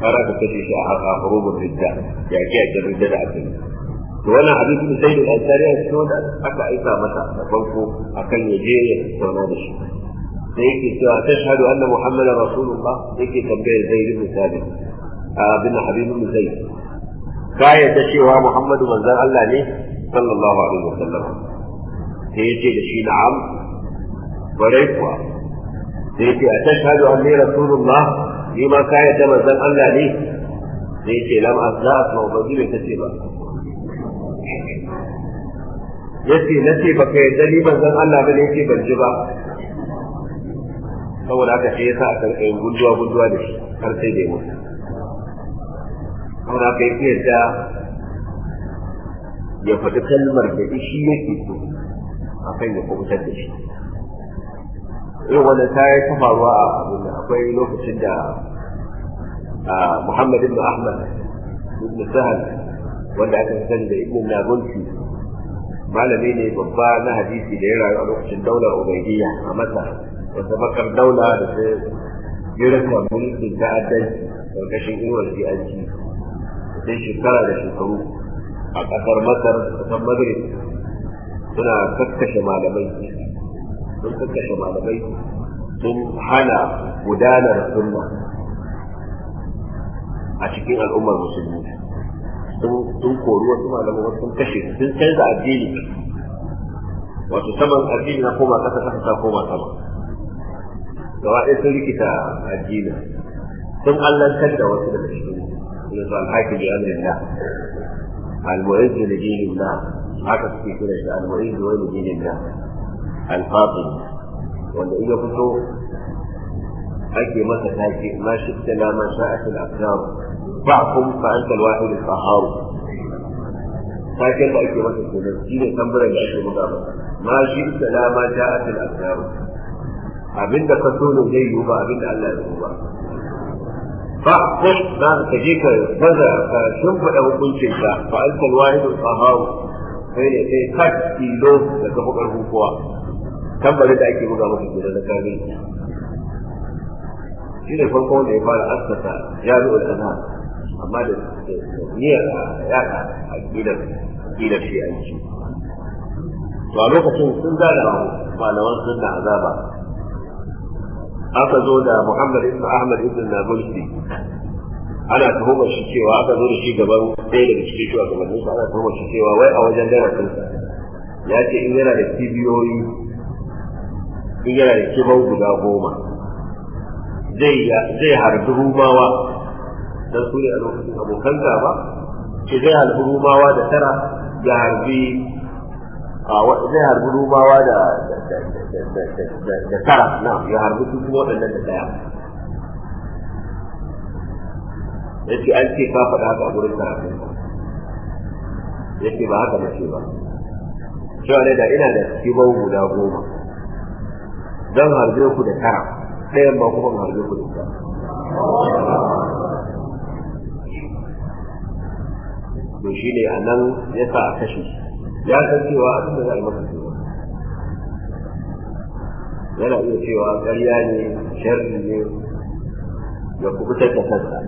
har aka kashe shi a haka hurubun ridda yake a ridda da aka yi to wannan hadisi da sai da al-sariya cikin wanda aka aika masa da farko akan ya je ya tattauna da shi sai yake cewa tashhadu anna muhammadar rasulullah yake tambayar zaid ibn sabit abin habib ibn zaid ka yadda cewa muhammadu manzon Allah ne sallallahu alaihi wasallam sai yace da shi na'am barai kuwa sai yace a tashhadu anni rasulullah ni ma ka yadda manzon Allah ne sai yace lam asla asma wa bazira tace ba ce nace kai yarda ni san Allah ba ne ce ban ji ba saboda haka sai yasa aka rika yin gunduwa gunduwa da shi har sai da mutu saboda haka yake yarda ya faɗi kalmar da ishi yake so kan ya kubutar da shi irin wannan ta yi ta faruwa a abin akwai lokacin da Muhammad ibn Ahmad ibn Sahal wanda aka sani da ibn Nabulsi malami ne babba na hadisi da ya rayu a lokacin daular Ubaidiyya. a Masar wata bakar daula da ta girka mulkin ta'addanci karkashin inuwar ji'anci sai shekara da shekaru a ƙasar Masar ƙasar Madrid suna kakkashe malamai sun kakkashe malamai sun hana gudanar sunna a cikin al'ummar musulmi sun kori wasu malaman wasu sun kashe sun canza addini wato saman addini na koma kasa kasa ta koma sama gaba ɗaya sun rikita addini sun allantar da wasu daga cikin irin su alhaki bi amrillah المعز لدين الله haka suke kira shi al da wani dinin da al wanda in fito ake masa taki ma shifta la ma sha'at al-aqdar ربعكم فأنت الواحد القهار فاكر بأيك وقت الجنة إذا تنبرا بأيك مقابل ما جئت لا ما جاءت الأبنار أبن قصون زيه ما أبن الله يقوم فأحكم ما تجيك بذا فشنفع وقلتك فأنت الواحد القهار kai ne kai kat kilo da kafa karfin kowa tambarin da ake buga masa kenan na kare shi ne farko wanda ya fara askata jami'ul azhar amma da niyyar a gidan gidan shi a yi to a lokacin sun zaga malaman sunna azaba aka zo da Muhammad ibn Ahmad ibn Nabulsi ana tuhumar shi cewa aka zo da shi gaban ɗaya daga cikin shugabannin sa ana tuhumar shi cewa wai a wajen darasin ya ce in yana da cibiyoyi, in yana da kiman guda goma zai harbi rumawa dan su ne a lokacin abokan gaba ke zai harbi rumawa da tara ya harbi zai harbi rumawa da da tara na ya harbi su kuma waɗannan da ɗaya yake an ce kafa da haka a gurin karatun yake ba haka mace ba cewa ne da ina da kibau guda goma zan harbe ku da tara ɗayan ba kuma harbe ku da tara ne a nan ya sa a kashe ya san cewa abin da za a yi masa kenan yana iya cewa ƙarya ne sharri ne ya kubutar da kansa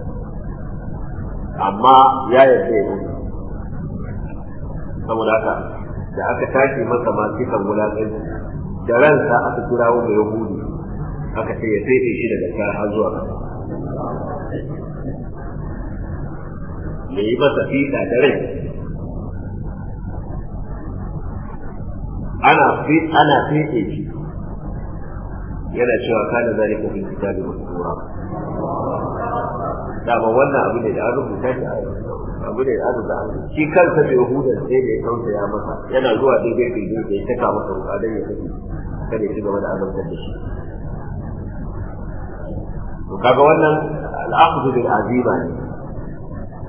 amma ya yarda ya saboda haka da aka tashi masa ma kan wulaƙanci da ransa aka kira wani yahudi aka ce ya sai shi daga har zuwa ya yi masa fiɗa da rai ana fi ana fiɗe shi yana cewa kana zalika fi kitabi masura dama wannan abu ne da an rubuta shi abu ne da an rubuta shi kansa da yahudan sai da ya tausaya masa yana zuwa daidai daidai da ya taka masa ruwa, don ya kashe kada ya ci gaba da azabtar da shi to kaga wannan al'aqdu bil azima ne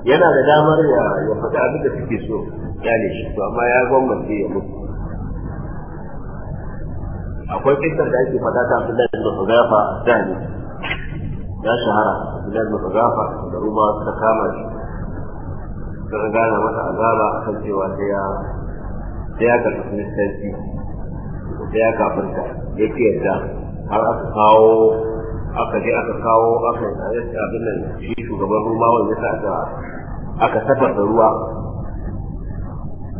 yana da damar ya ya faɗi abin da suke so kyale shi to amma ya gwamnati ya mutu akwai kitar da ake faɗa ta Abdullahi bin Hudafa dani ya shahara Abdullahi bin Hudafa da ruwa ta kama shi da gana masa azaba akan cewa sai ya sai ya ga kiristanci sai ya kafinta ya ke yadda har aka kawo aka je aka kawo aka yi abin nan shi shugaban ruwa wanda sa ta aka tafasa ruwa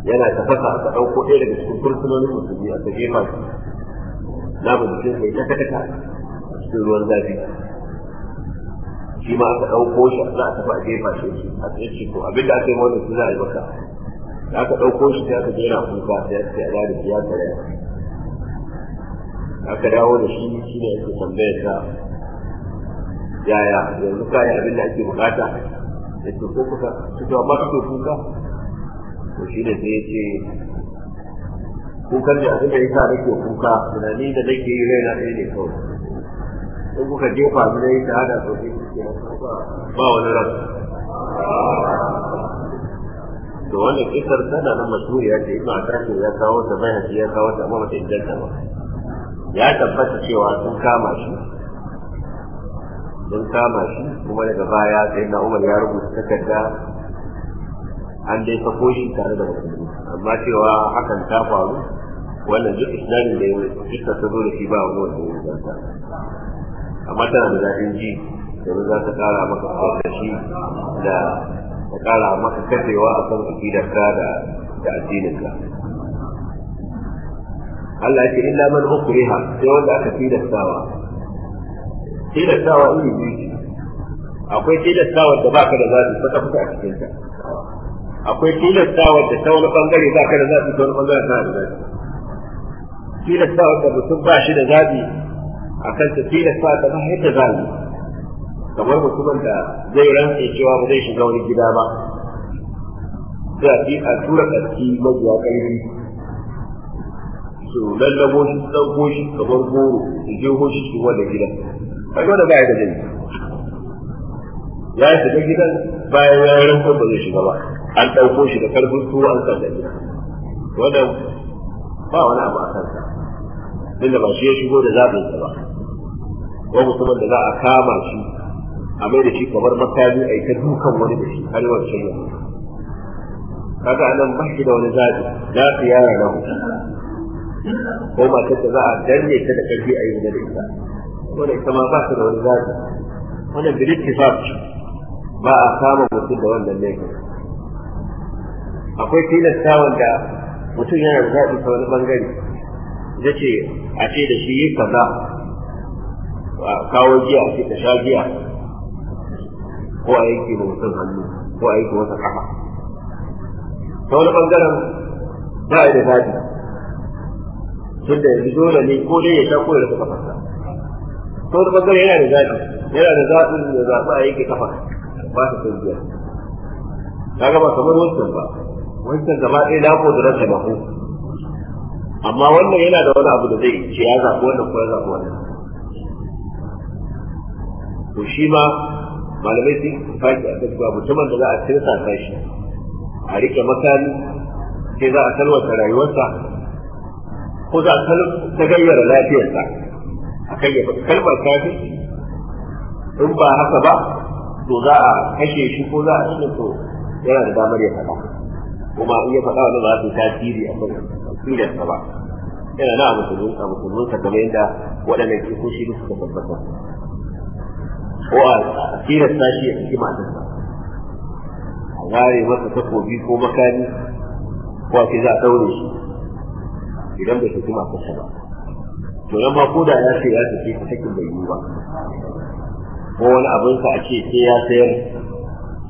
yana tafasa aka ɗauko ɗaya daga cikin fursunonin musulmi ta jefa su na ba jikin sai ta kata cikin ruwan zafi shi ma aka ɗauko shi a tafi a jefa shi a tsaye shi to abin da aka yi wannan su za a yi maka da aka ɗauko shi sai aka jera kuka sai aka ce a da ya tsare aka dawo da shi shi ne ake tambayar sa yaya yanzu ka yi abin da ake bukata da ke ko kuka su ta ba su kuka to shi ne sai ya ce kukan da abin da ya sa nake kuka tunani da nake yi raina ɗaya ne kawai in kuka jefa su na yi shahada sosai ba wani ran to wannan kisar tana nan mashuriya ce ibn akasir ya kawo ta bai ya kawo ta amma bata inganta ba ya tabbata cewa sun kama shi sun kama shi kuma daga baya sai na umar ya rubuta takarda an dai sako shi tare da musulmi amma cewa hakan ta faru wannan duk isnadin da ya iska ta zo da shi ba wani wanda ya zanta amma tana da daɗin ji domin za ta ƙara maka kwatashi da ta ƙara maka kafewa a kan akidarka da da addininka Allah ya ce illa man ukriha sai wanda aka tilastawa tilastawa iri biyu akwai tilastawa da baka da zaɓi fata fata a cikin ta akwai tilastawa da ta wani bangare baka da zaɓi ta wani bangare ta da zaɓi tilastawa da mutum ba shi da zaɓi a kan ta tilastawa da ba yadda zaɓi kamar mutumin da zai rantse cewa ba zai shiga wani gida ba sai a a tura ƙarfi mabiya ƙarfi su lallabo shi su ɗauko shi kamar goro su je hoshi shi wanda gidan a dole ba ya da jini ya shiga gidan bayan ya yi rankon ba zai shiga ba an ɗauko shi da karfin tuwo an sa da gida wannan ba wani abu a kansa duk da ba shi ya shigo da zaɓin sa ba ko mutumin da za a kama shi a mai da shi kamar makami a yi ta dukan wani da shi har wancan yau kaga anan ba shi da wani zaɓi za su yara na ko matar da za a danne ta da ƙarfi a yi da ita wanda ita ma ba ta da wani zaɓi wannan bilik kifaf ba a kama mutum da wannan laifin akwai tilasta wanda mutum yana da zaɓi ta wani bangare Ya ce a ce da shi yi kaza kawo giya a ce ta sha giya ko a yanke da mutum hannu ko a yanke wata kafa ta wani bangaren ba da zaɓi tunda yanzu dole ne ko dai ya sha ko ya rasa kafa to da bangare yana da zaɓi yana da zaɓin da zaɓi a yake kafa ba ta tarbiyya kaga gaba, kamar wancan ba wancan gaba ɗaya na ko da taimako. amma wannan yana da wani abu da zai ce ya zaɓi wannan ko ya zaɓi wannan to shi ma malamai sun faɗi a kan cewa mutumin da za a tirsa ta shi a riƙe makami sai za a talwata rayuwarsa ko za a tagayyara lafiyarsa akan ya faɗi kalmar kafin in ba haka ba to za a kashe shi ko za a nuna to yana da damar ya faɗa kuma in ya faɗa wani ba su tasiri a kan akidarsa ba yana na musulmin a musulmin sa kamar yadda waɗannan kikoshi da suka tabbata ko a akidar sashi a cikin matarsa a ware masa takobi ko makami ko a ce za a ɗaure shi idan bai tafi matarsa ba to yamma ko da ya ce ya tafi ta cikin bai yi ba ko wani abin sa a ce sai ya sayar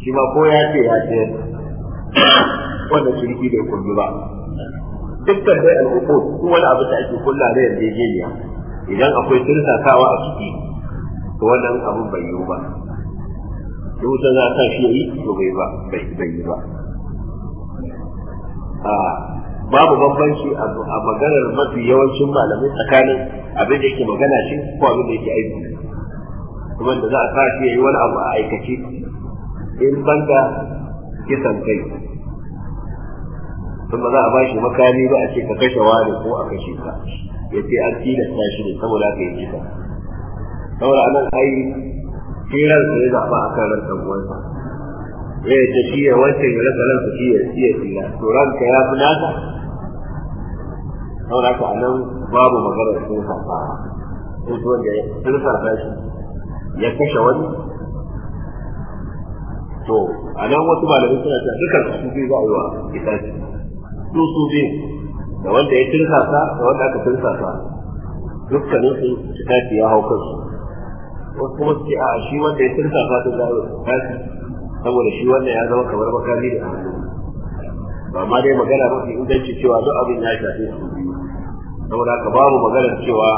shi ma ko ya ce ya sayar wannan shirki bai kullu ba dukkan dai al'uqud ko wani abu da ake kulla da yarjejeniya idan akwai kawa a ciki to wannan abin bai yi ba duk da za ta shi yi to bai ba bai yi ba ah. babu bambanci a maganar mafi yawancin malamai tsakanin abin da yake magana shi ko abin da yake aiki kuma da za a sa shi yayi wani abu a aikace in banda kisan kai sun ba za a bashi makami ba a ce ka kashe wani ko a kashe ka ya ce an tilasta shi ne saboda haka yi kisa saboda anan ai shi ransa ya zaɓa a kan ransa uwansa ya ce shi ya wancan ya rasa ransa shi ya siya to ranka ya fi nasa saboda a nan babu magana da sun sarfa sun su wanda sun sarfa shi ya kashe wani to a nan wasu malamai suna cewa dukkan su biyu za a yi wa kitabi su su biyu da wanda ya tirsasa da wanda aka tirsasa dukkanin su kitabi ya hau kansu wasu kuma suke a shi wanda ya tirsasa da za a yi kitabi saboda shi wanda ya zama kamar makami da hannu ba ma dai magana mafi inganci cewa duk abin ya shafe su biyu saboda ka babu maganar cewa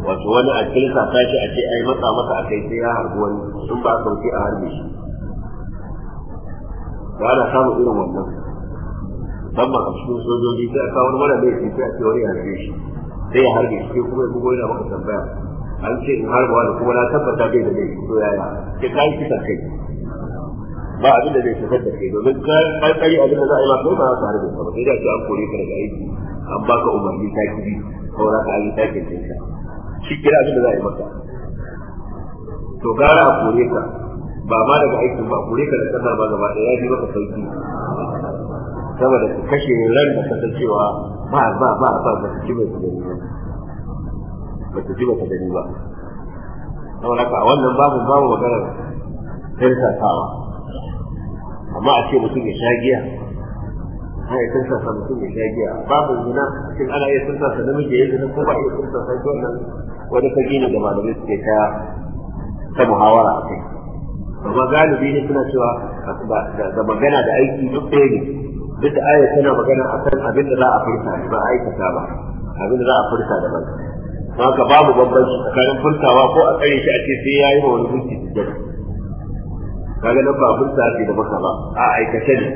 wato wani a kirka tashi a ce ai matsa masa a kai sai ya harbi wani in ba sauki a harbe shi da ana samun irin wannan musamman a cikin sojoji sai a kawo mara mara laifi sai a ce wani ya harbe shi sai ya harbe shi kuma ya bugo yana maka tambaya an ce in harba wani kuma na tabbata bai da laifi to yaya sai ka yi kai ba abin da zai fitar da kai domin kai kai abin da za a yi ba kai ba za su harbe ba sai da ce an kore ka daga aiki an baka umarni ta kiri saura ka yi ta kiri shi kira abin da za a yi maka to gara a kore ka ba ma daga aikin ba a kore ka da kasar ba gaba ɗaya ya ji maka sauki saboda ka kashe ran da ka san cewa ba ba ba ba ba ci mai gani ba ba ci mai gani ba saboda ka wannan babu babu maganar hirsatawa amma a ce mutum ya sha giya ana iya tunta sa mutum ya sha giya babu zina cikin ana iya tunta sa namiji ya zina ko ba iya tunta sa shi wannan wani fage ne da malamai suke ta ta muhawara a kai amma galibi ne suna cewa da magana da aiki duk ɗaya ne duk da aya tana magana akan abin da za a furta ba a aikata ba abin da za a furta da ban haka babu bambanci tsakanin furtawa ko a tsare shi a ce sai ya yi ma wani gunki sujjada kaga nan ba furta ake da maka ba a aikace ne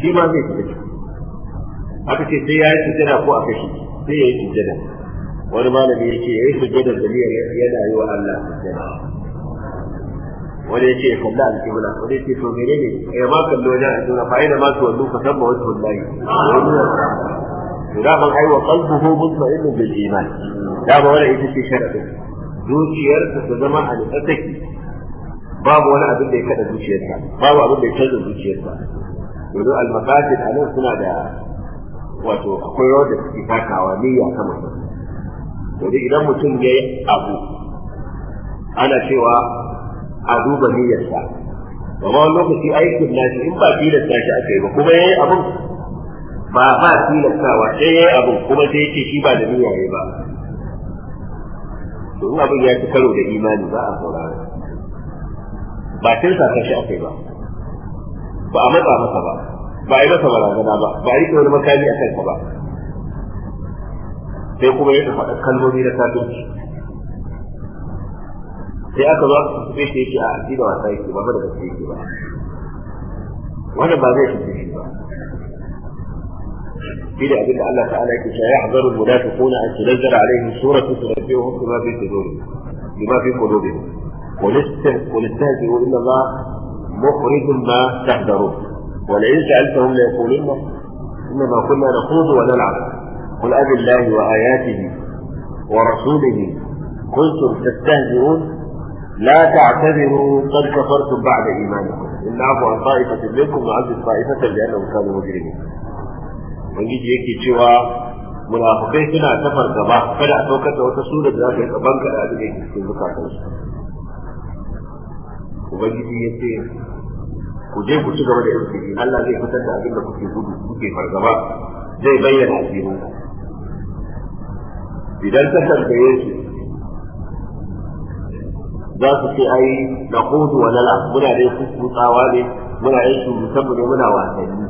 shi ma zai fita aka ce sai ya yi sujjada ko a kashi sai ya yi sujjada wani malami ya ce ya yi sujjada da niyyar yana yi wa Allah sujjada wani ya ce ya kalla alƙibla wani ya ce to mene ne ya eh, ma kallo wajen alƙibla fa ina ma su wallu fa sabba wasu wallahi to da ban aiwa qalbuhu mutma'innun bil iman da ba wani ita ce sharadin zuciyarsa ta zama a tsaki babu wani abin da ya kada zuciyarsa babu abin da ya canza zuciyarsa domin al-maqasid nan suna da wato akwai rawar da suke takawa niyya kama. mutum to dai idan mutum ya yi abu ana cewa a duba niyyarsa amma wani lokaci aikin nashi in ba tilasta shi aka yi ba kuma ya yi abin ba ba tilastawa sai ya yi abin kuma sai yake shi ba da niyya ya ba domin abin ya ci karo da imani ba a saurara ba tilasta shi aka yi ba ba a matsa masa ba ba a yi masa barazana ba ba a yi wani makami a kanka ba sai kuma ya faɗa kalmomi na kafirci sai aka zo aka tafi shi yake a addini wasa yake ba da gaske yake ba wannan ba zai tafi shi ba shi da abinda Allah ta'ala yake cewa ya hazaru munafiquna an tunazzala alaihim suratu tunabbi'uhum bima fi sudurihim bima fi qulubihim qul istahzi'u inna Allah مخرج ما تحذرون ولئن سألتهم ليقولن إنما كنا نخوض ونلعب قل أبي الله وآياته ورسوله كنتم تستهزئون لا تعتذروا قد كفرتم بعد إيمانكم إن نعفو عن طائفة منكم وعزل طائفة لأنهم كانوا مجرمين ubangiji yake cewa munafukai suna ta fargaba kada a saukar da wata sura da za ta rika ku je ku ci gaba da yanzu Allah zai fitar da abin da kuke gudu kuke fargaba zai bayyana asirin idan ka tambaye su za su ce ai da kudu wa lala muna dai kuskutsawa ne muna yin su musamman muna wasanni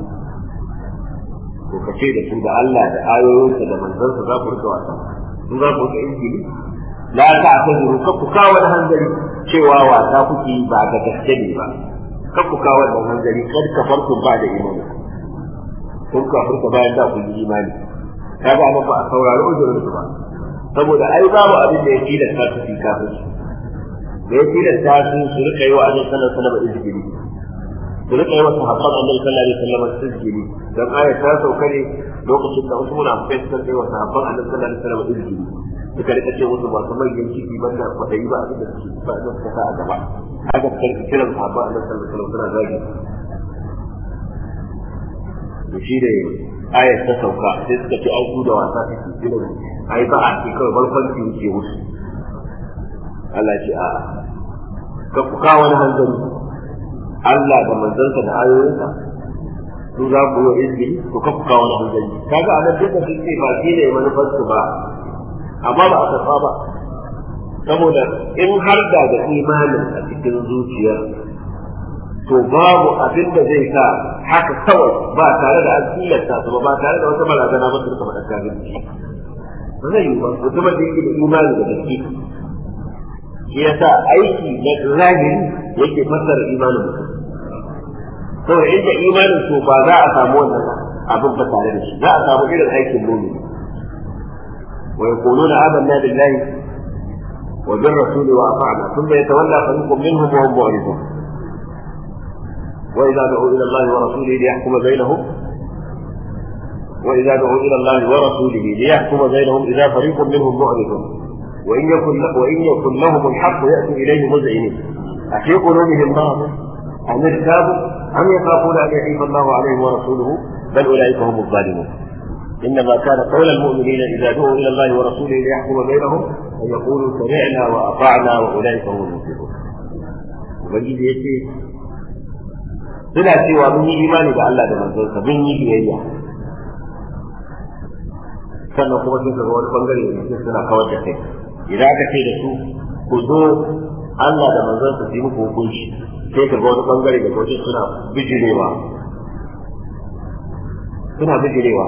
ko ka ce da su da Allah da ayoyinsa da manzansa za ku rika wasa in za ku rika injili la ta ta zuru ka ku kawo da hanzari cewa wasa kuke ba da gaske ne ba kan ku kawo wannan hanzari kar ka farko ba da imani kun ka farko bayan da ku yi imani ka ga ba a saurari uzurin su ba saboda ai babu abin da ya fi da kasu fi kafin su da ya fi da kasu su rika yi wa annabi sallallahu alaihi wasallam izgiri su rika yi wa sahabban annabi sallallahu alaihi wasallam izgiri dan aya ta sauka ne lokacin da usman afkai suka yi wa sahabban annabi sallallahu alaihi wasallam izgiri suka rika ce wasu masu manyan ciki banda yi ba a da su ba a da kasa a gaba haka karfi kiran sahabba a nan sallallahu suna zagi da shi da ayar ta sauka sai suka ce an da wasa take kiran ai ba a ce kawai barkwanci ke wuce Allah ce a ka ku kawo wani hanzari Allah da manzansa da ayoyinsa su za ku yi izini ku kafa kawo wani hanzari kaga a nan duka sun ce ba shi ne manufarsu ba amma ba a karɓa ba saboda in har da da imanin a cikin zuciya to babu abin da zai sa haka kawai ba tare da an tilasta su ba ba tare da wata barazana ba su kamar kafin ba zai yi ba mutumin da yake da imanin da gaske shi sa aiki na zahiri yake fassara imanin mutum saboda inda imanin to ba za a samu wannan abin ba tare da shi za a samu irin aikin mumin ويقولون آمنا بالله وبالرسول وأطعنا ثم يتولى فريق منهم وهم معرضون وإذا دعوا إلى الله ورسوله ليحكم بينهم وإذا دعوا إلى الله ورسوله ليحكم بينهم إذا فريق منهم معرضون وإن يكن وإن يكن لهم الحق يأتوا إليه مذعنين أفي قلوبهم مرض أم ارتابوا أم يخافون أن يحيف الله عليهم ورسوله بل أولئك هم الظالمون إنما كان قول المؤمنين إذا دعوا إلى الله ورسوله ليحكم بينهم أن يقولوا سمعنا وأطعنا وأولئك هم المفلحون ubangiji ya ce suna cewa mun yi imani da Allah da manzonsa mun yi biyayya sannan kuma sun kaga wani bangare da sun suna kawar da kai idan aka ce da su ku zo Allah da manzonsa su yi muku hukunci sai ka ga wani bangare da wajen suna bijirewa suna bijirewa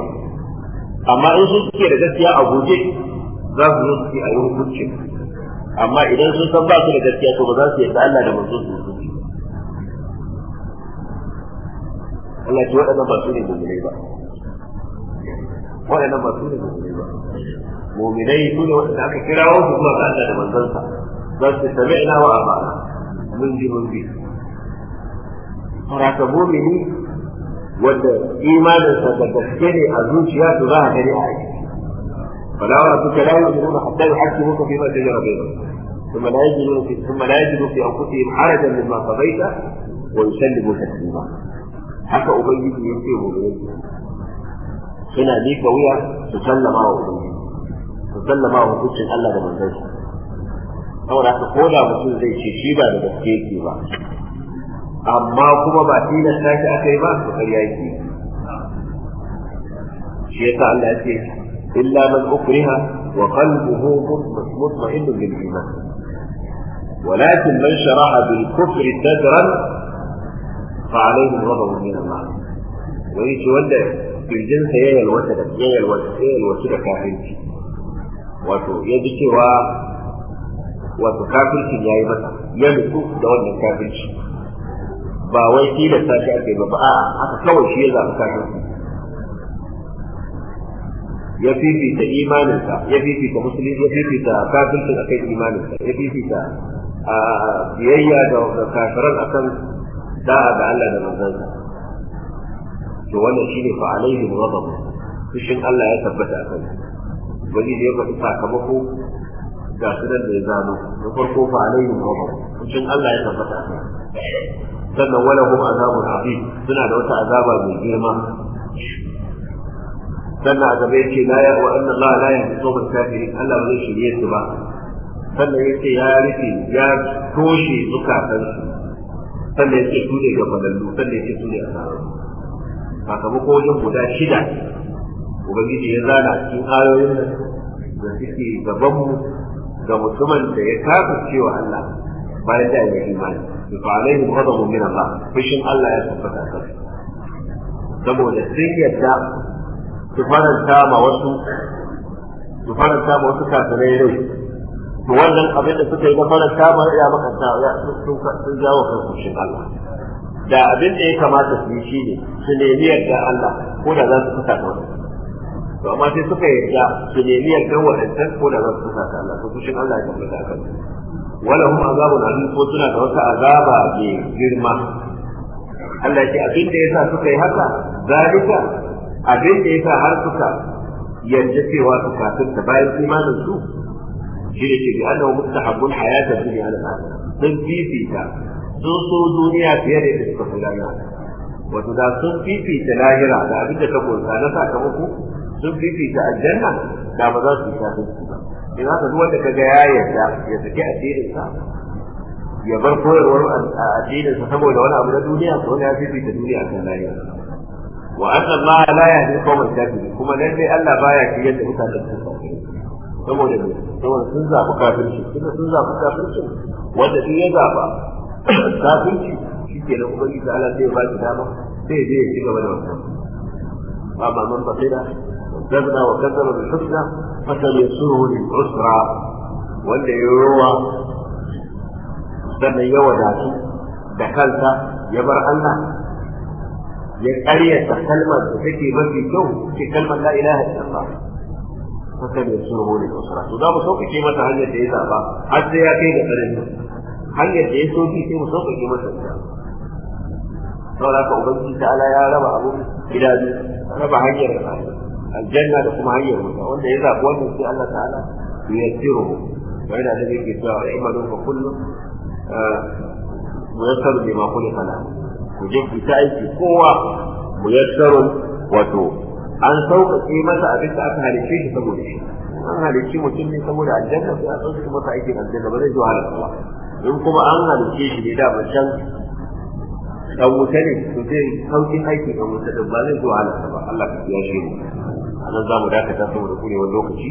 amma in sun suke da gaskiya a gobe za su zo suke a yi hukunci amma idan sun san ba su da gaskiya to ba za su yarda Allah da manzo su su Allah ce waɗannan ba su ne mu'minai ba waɗannan ba su ne mu'minai ba mu'minai su ne waɗanda aka wa su zuwa ga Allah da manzansa za su ina wa amana mun ji mun bi. Faraka mu'mini wanda imaninsa da gaske ne a zuciya to za a gani a aiki fala wa suka la yu'minuna hatta yuhaqqimuka fi ma shajara bainahum ثم لا يجدوا في ثم لا يجدوا في انفسهم حرجا مما قضيت ويسلموا تسليما haka ubangiji ya ce gobe suna miƙa wuya su sallama wa ubangiji su sallama wa hukuncin Allah da manzon sa saboda haka ko da mutum zai ce shi ba da gaske yake ba amma kuma ba tilasta shi aka yi ba to ƙarya yake shi yasa Allah ce illa man ukriha wa qalbuhu mutma'innun bil iman ولكن من شرح بالكفر صدرا فعليهم غضب من الله ويجي ولا kirjin sa ya yalwata da ya yalwata ya yalwata da kafirci wato ya ji cewa wato kafirci ya yi masa ya nutsu da wannan kafirci ba wai tilasta shi ake ba a haka kawai shi ya zaɓi kafin ya fifita imaninsa ya fifita musulmi ya fifita kafircin akan imaninsa ya fifita a biyayya da kafiran akan da'a da Allah da manzansa to wannan ne fa alaihi ghadab fushin Allah ya tabbata a akan wani da ya faɗi sakamako ga sunan da ya zano na farko fa alaihi ghadab fushin Allah ya tabbata a akan sannan hum azabun azim suna da wata azaba mai girma sannan a gaba yake la ya wa anna Allah la yahdi qawmal kafirin Allah ba zai shirye su ba sannan yake ya rufe ya toshe zukatan su sannan yake su ne ga falallu sannan yake su ne a sarari sakamako wajen guda shida ubangiji ya zana cikin ayoyin da suke gabanmu ga mutumin da ya kafa cewa Allah da ما رجع إلى إيمان فعليه غضب من الله فشن الله يثبت أكبر saboda sun yadda su faranta ma wasu su faranta ma wasu kafirai rai to wannan abin da suka yi na faranta ma ya makanta ya sun jawo kan kushin Allah da abin da ya kamata su yi shine su nemi yarda Allah ko da za su kusa da wasu. to amma sai suka yarda su nemi yarda wadannan ko da za su kusa da Allah to kushin Allah ya da akan su wala kuma azabun alim ko suna da wata azaba ke girma Allah ce abin da yasa suka yi haka zalika abin da yasa har suka yadda cewa su kafirta bayan imanin su shi ne ce bi annahu mustahabbun hayata dunya ala al sun fifita sun so duniya fiye da yadda suka kula na wato da sun fifita lahira da abin da ta kunsa na sakamako sun fifita aljanna da ba za su yi kafirci ba in eh, haka duk wanda kaga ya yarda ya saki addinin sa ya bar koyarwar addinin sa saboda wani abu na duniya to wani ya fifita duniya kan rayuwa wa anna Allah la yahdi qawmal kafirin kuma dan dai Allah baya shi yadda mutanen su saboda ne saboda sun zaɓi kafirci kuma sun zaɓi kafirci wanda duk ya zaba kafirci shi ke nan ubangiji Allah zai ba shi dama sai dai ya ci gaba da wannan ba ma man basira مستغنى وكثر بالحسنى فسيسره للعسرى wanda ya rowa sannan ya wadatu da kansa ya bar Allah ya karyata kalmar da take mafi kyau ce kalmar la ilaha illallah haka ne su rubu da usra to za mu sauƙaƙe masa hanyar da ya zaba ya kai hanyar da ya masa saboda haka ubangiji ta ala ya raba abu gida biyu raba hanyar da aljanna da kuma hanyar wuta wanda ya zaɓi wannan sai Allah ta'ala ya tsiro wa yana da yake cewa wa imanun ka kullum ah, muyassar bi ma kulli fala ku je ku ta aiki kowa muyassarun wato an sauƙaƙe masa abin da aka halice shi saboda shi an halicci mutum ne saboda aljanna sai a sauƙaƙe masa aikin aljanna ba zai zo wahala ba in kuma an halicce shi ne da ba can dan wuta ne to zai sauƙin aiki dan wuta din ba zai zo wahala ba Allah ya kiyaye mu anan za mu dakata saboda kurewar lokaci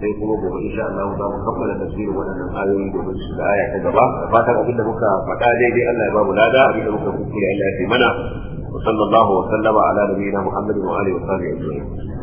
sai kuma gobe insha Allah za mu kammala tafsirin waɗannan ayoyi domin su da aya ta gaba fatan abinda muka faɗa daidai Allah ya ba mu lada abinda muka kuskure Allah ya fi mana wa sallallahu wa sallama ala nabiyina Muhammadin wa alihi wa sahbihi ajma'in